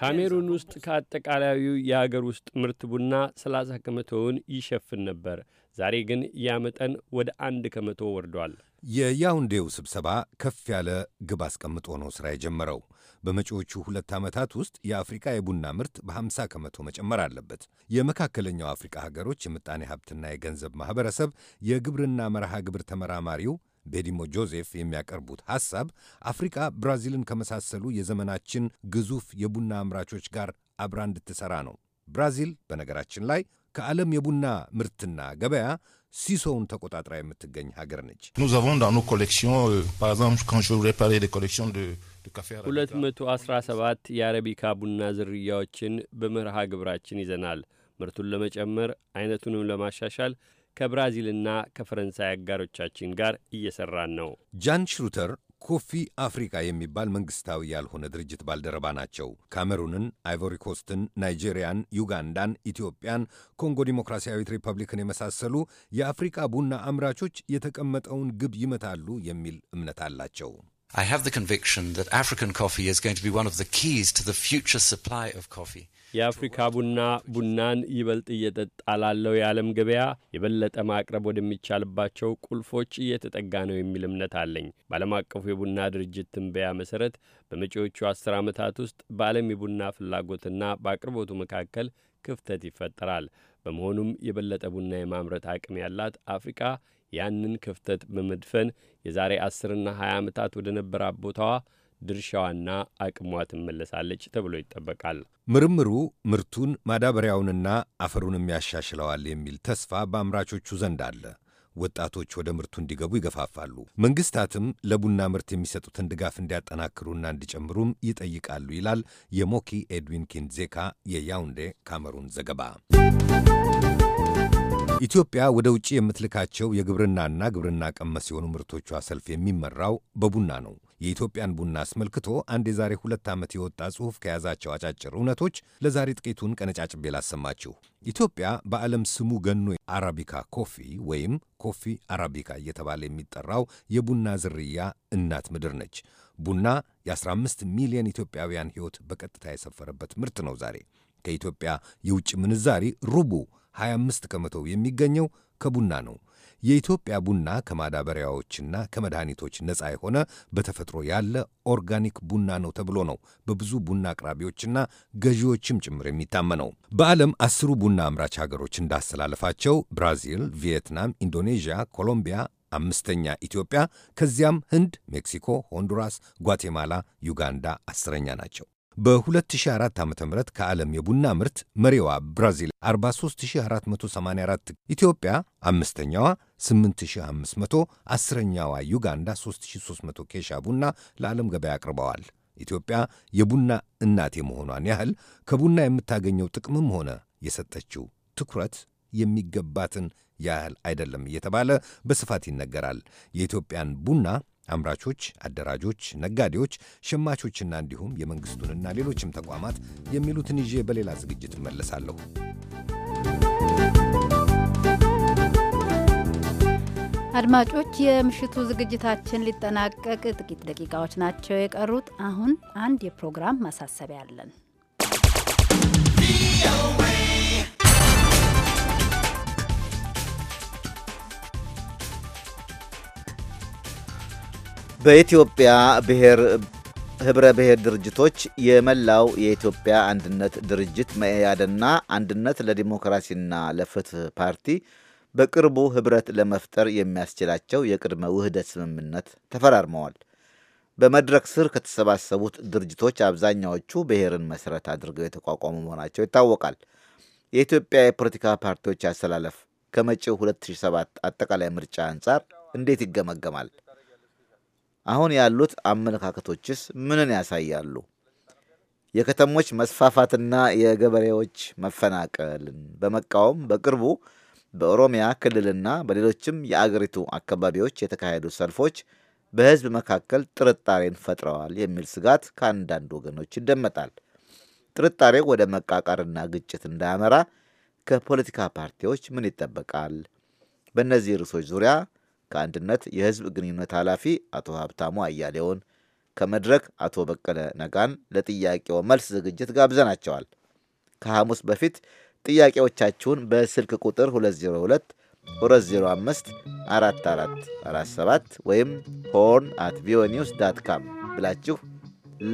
Speaker 5: ካሜሩን ውስጥ ከአጠቃላዩ የአገር ውስጥ ምርት ቡና 30 ከመቶውን ይሸፍን ነበር። ዛሬ ግን ያ መጠን ወደ አንድ ከመቶ ወርዷል።
Speaker 8: የያውንዴው ስብሰባ ከፍ ያለ ግብ አስቀምጦ ነው ሥራ የጀመረው። በመጪዎቹ ሁለት ዓመታት ውስጥ የአፍሪካ የቡና ምርት በ50 ከመቶ መጨመር አለበት። የመካከለኛው አፍሪካ ሀገሮች የምጣኔ ሀብትና የገንዘብ ማኅበረሰብ የግብርና መርሃ ግብር ተመራማሪው ቤዲሞ ጆዜፍ የሚያቀርቡት ሐሳብ አፍሪካ ብራዚልን ከመሳሰሉ የዘመናችን ግዙፍ የቡና አምራቾች ጋር አብራ እንድትሠራ ነው። ብራዚል በነገራችን ላይ ከዓለም የቡና ምርትና ገበያ ሲሶውን ተቆጣጥራ የምትገኝ ሀገር ነች።
Speaker 5: euh, ሁለት መቶ አስራ ሰባት የአረቢካ ቡና ዝርያዎችን በመርሃ ግብራችን ይዘናል። ምርቱን ለመጨመር አይነቱንም ለማሻሻል ከብራዚልና ከፈረንሳይ አጋሮቻችን ጋር እየሰራን ነው።
Speaker 8: ጃን ሽሩተር ኮፊ አፍሪካ የሚባል መንግስታዊ ያልሆነ ድርጅት ባልደረባ ናቸው። ካሜሩንን፣ አይቮሪኮስትን፣ ናይጄሪያን፣ ዩጋንዳን፣ ኢትዮጵያን፣ ኮንጎ ዲሞክራሲያዊት ሪፐብሊክን የመሳሰሉ የአፍሪካ ቡና አምራቾች የተቀመጠውን ግብ ይመታሉ የሚል እምነት አላቸው። I have the conviction that African coffee is going to be one of the keys to the future supply of coffee. የአፍሪካ ቡና ቡናን ይበልጥ
Speaker 5: እየጠጣ ላለው የዓለም ገበያ የበለጠ ማቅረብ ወደሚቻልባቸው ቁልፎች እየተጠጋ ነው የሚል እምነት አለኝ። በዓለም አቀፉ የቡና ድርጅት ትንበያ መሠረት በመጪዎቹ አስር ዓመታት ውስጥ በዓለም የቡና ፍላጎትና በአቅርቦቱ መካከል ክፍተት ይፈጠራል። በመሆኑም የበለጠ ቡና የማምረት አቅም ያላት አፍሪካ ያንን ክፍተት በመድፈን የዛሬ አስርና ሀያ ዓመታት ወደ ነበራት ቦታዋ ድርሻዋና አቅሟ ትመለሳለች ተብሎ ይጠበቃል።
Speaker 8: ምርምሩ ምርቱን ማዳበሪያውንና አፈሩንም ያሻሽለዋል የሚል ተስፋ በአምራቾቹ ዘንድ አለ። ወጣቶች ወደ ምርቱ እንዲገቡ ይገፋፋሉ። መንግስታትም ለቡና ምርት የሚሰጡትን ድጋፍ እንዲያጠናክሩና እንዲጨምሩም ይጠይቃሉ ይላል የሞኪ ኤድዊን ኪንዜካ የያውንዴ ካሜሩን ዘገባ። ኢትዮጵያ ወደ ውጭ የምትልካቸው የግብርናና ግብርና ቀመስ የሆኑ ምርቶቿ ሰልፍ የሚመራው በቡና ነው። የኢትዮጵያን ቡና አስመልክቶ አንድ የዛሬ ሁለት ዓመት የወጣ ጽሑፍ ከያዛቸው አጫጭር እውነቶች ለዛሬ ጥቂቱን ቀነጫጭቤ ላሰማችሁ። ኢትዮጵያ በዓለም ስሙ ገኖ አራቢካ ኮፊ ወይም ኮፊ አራቢካ እየተባለ የሚጠራው የቡና ዝርያ እናት ምድር ነች። ቡና የ15 ሚሊዮን ኢትዮጵያውያን ሕይወት በቀጥታ የሰፈረበት ምርት ነው። ዛሬ ከኢትዮጵያ የውጭ ምንዛሪ ሩቡ 25 ከመቶ የሚገኘው ከቡና ነው። የኢትዮጵያ ቡና ከማዳበሪያዎችና ከመድኃኒቶች ነፃ የሆነ በተፈጥሮ ያለ ኦርጋኒክ ቡና ነው ተብሎ ነው በብዙ ቡና አቅራቢዎችና ገዢዎችም ጭምር የሚታመነው። በዓለም አስሩ ቡና አምራች ሀገሮች እንዳስተላለፋቸው ብራዚል፣ ቪየትናም፣ ኢንዶኔዥያ፣ ኮሎምቢያ አምስተኛ ኢትዮጵያ፣ ከዚያም ህንድ፣ ሜክሲኮ፣ ሆንዱራስ፣ ጓቴማላ፣ ዩጋንዳ አስረኛ ናቸው። በ2004 ዓ ም ከዓለም የቡና ምርት መሪዋ ብራዚል 43484፣ ኢትዮጵያ አምስተኛዋ 8500፣ አስረኛዋ ዩጋንዳ 3300 ኬሻ ቡና ለዓለም ገበያ አቅርበዋል። ኢትዮጵያ የቡና እናት የመሆኗን ያህል ከቡና የምታገኘው ጥቅምም ሆነ የሰጠችው ትኩረት የሚገባትን ያህል አይደለም እየተባለ በስፋት ይነገራል። የኢትዮጵያን ቡና አምራቾች፣ አደራጆች፣ ነጋዴዎች፣ ሸማቾችና እንዲሁም የመንግሥቱንና ሌሎችም ተቋማት የሚሉትን ይዤ በሌላ ዝግጅት እመለሳለሁ።
Speaker 1: አድማጮች፣ የምሽቱ ዝግጅታችን ሊጠናቀቅ ጥቂት ደቂቃዎች ናቸው የቀሩት። አሁን አንድ የፕሮግራም ማሳሰቢያ አለን።
Speaker 2: በኢትዮጵያ ብሔር ህብረ ብሔር ድርጅቶች የመላው የኢትዮጵያ አንድነት ድርጅት መኢአድና አንድነት ለዲሞክራሲና ለፍትህ ፓርቲ በቅርቡ ህብረት ለመፍጠር የሚያስችላቸው የቅድመ ውህደት ስምምነት ተፈራርመዋል። በመድረክ ስር ከተሰባሰቡት ድርጅቶች አብዛኛዎቹ ብሔርን መሠረት አድርገው የተቋቋሙ መሆናቸው ይታወቃል። የኢትዮጵያ የፖለቲካ ፓርቲዎች አሰላለፍ ከመጪው 2007 አጠቃላይ ምርጫ አንጻር እንዴት ይገመገማል? አሁን ያሉት አመለካከቶችስ ምንን ያሳያሉ? የከተሞች መስፋፋትና የገበሬዎች መፈናቀልን በመቃወም በቅርቡ በኦሮሚያ ክልልና በሌሎችም የአገሪቱ አካባቢዎች የተካሄዱ ሰልፎች በሕዝብ መካከል ጥርጣሬን ፈጥረዋል የሚል ስጋት ከአንዳንድ ወገኖች ይደመጣል። ጥርጣሬው ወደ መቃቃርና ግጭት እንዳያመራ ከፖለቲካ ፓርቲዎች ምን ይጠበቃል? በእነዚህ ርዕሶች ዙሪያ አንድነት የህዝብ ግንኙነት ኃላፊ አቶ ሀብታሙ አያሌውን ከመድረክ አቶ በቀለ ነጋን ለጥያቄው መልስ ዝግጅት ጋብዘናቸዋል። ከሐሙስ በፊት ጥያቄዎቻችሁን በስልክ ቁጥር 202 205 4447 ወይም ሆርን አት ቪኦኤ ኒውስ ዳት ካም ብላችሁ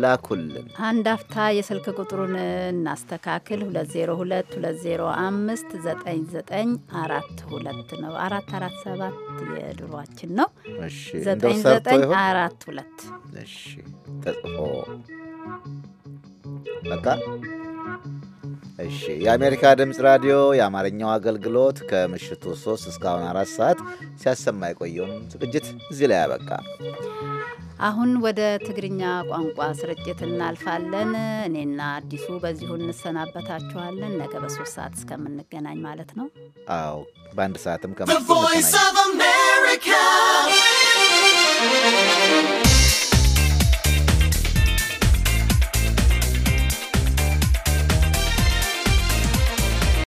Speaker 2: ላኩልን።
Speaker 1: አንድ አፍታ የስልክ ቁጥሩን እናስተካክል። 2022059942 ነው። 447 የድሯችን ነው። 9942 ተጽፎ በቃ
Speaker 2: እሺ የአሜሪካ ድምፅ ራዲዮ የአማርኛው አገልግሎት ከምሽቱ 3 እስካሁን አራት ሰዓት ሲያሰማ የቆየውን ዝግጅት እዚህ ላይ ያበቃ።
Speaker 1: አሁን ወደ ትግርኛ ቋንቋ ስርጭት እናልፋለን። እኔና አዲሱ በዚሁ እንሰናበታችኋለን። ነገ በሶስት ሰዓት እስከምንገናኝ ማለት ነው።
Speaker 2: አዎ በአንድ ሰዓትም ከ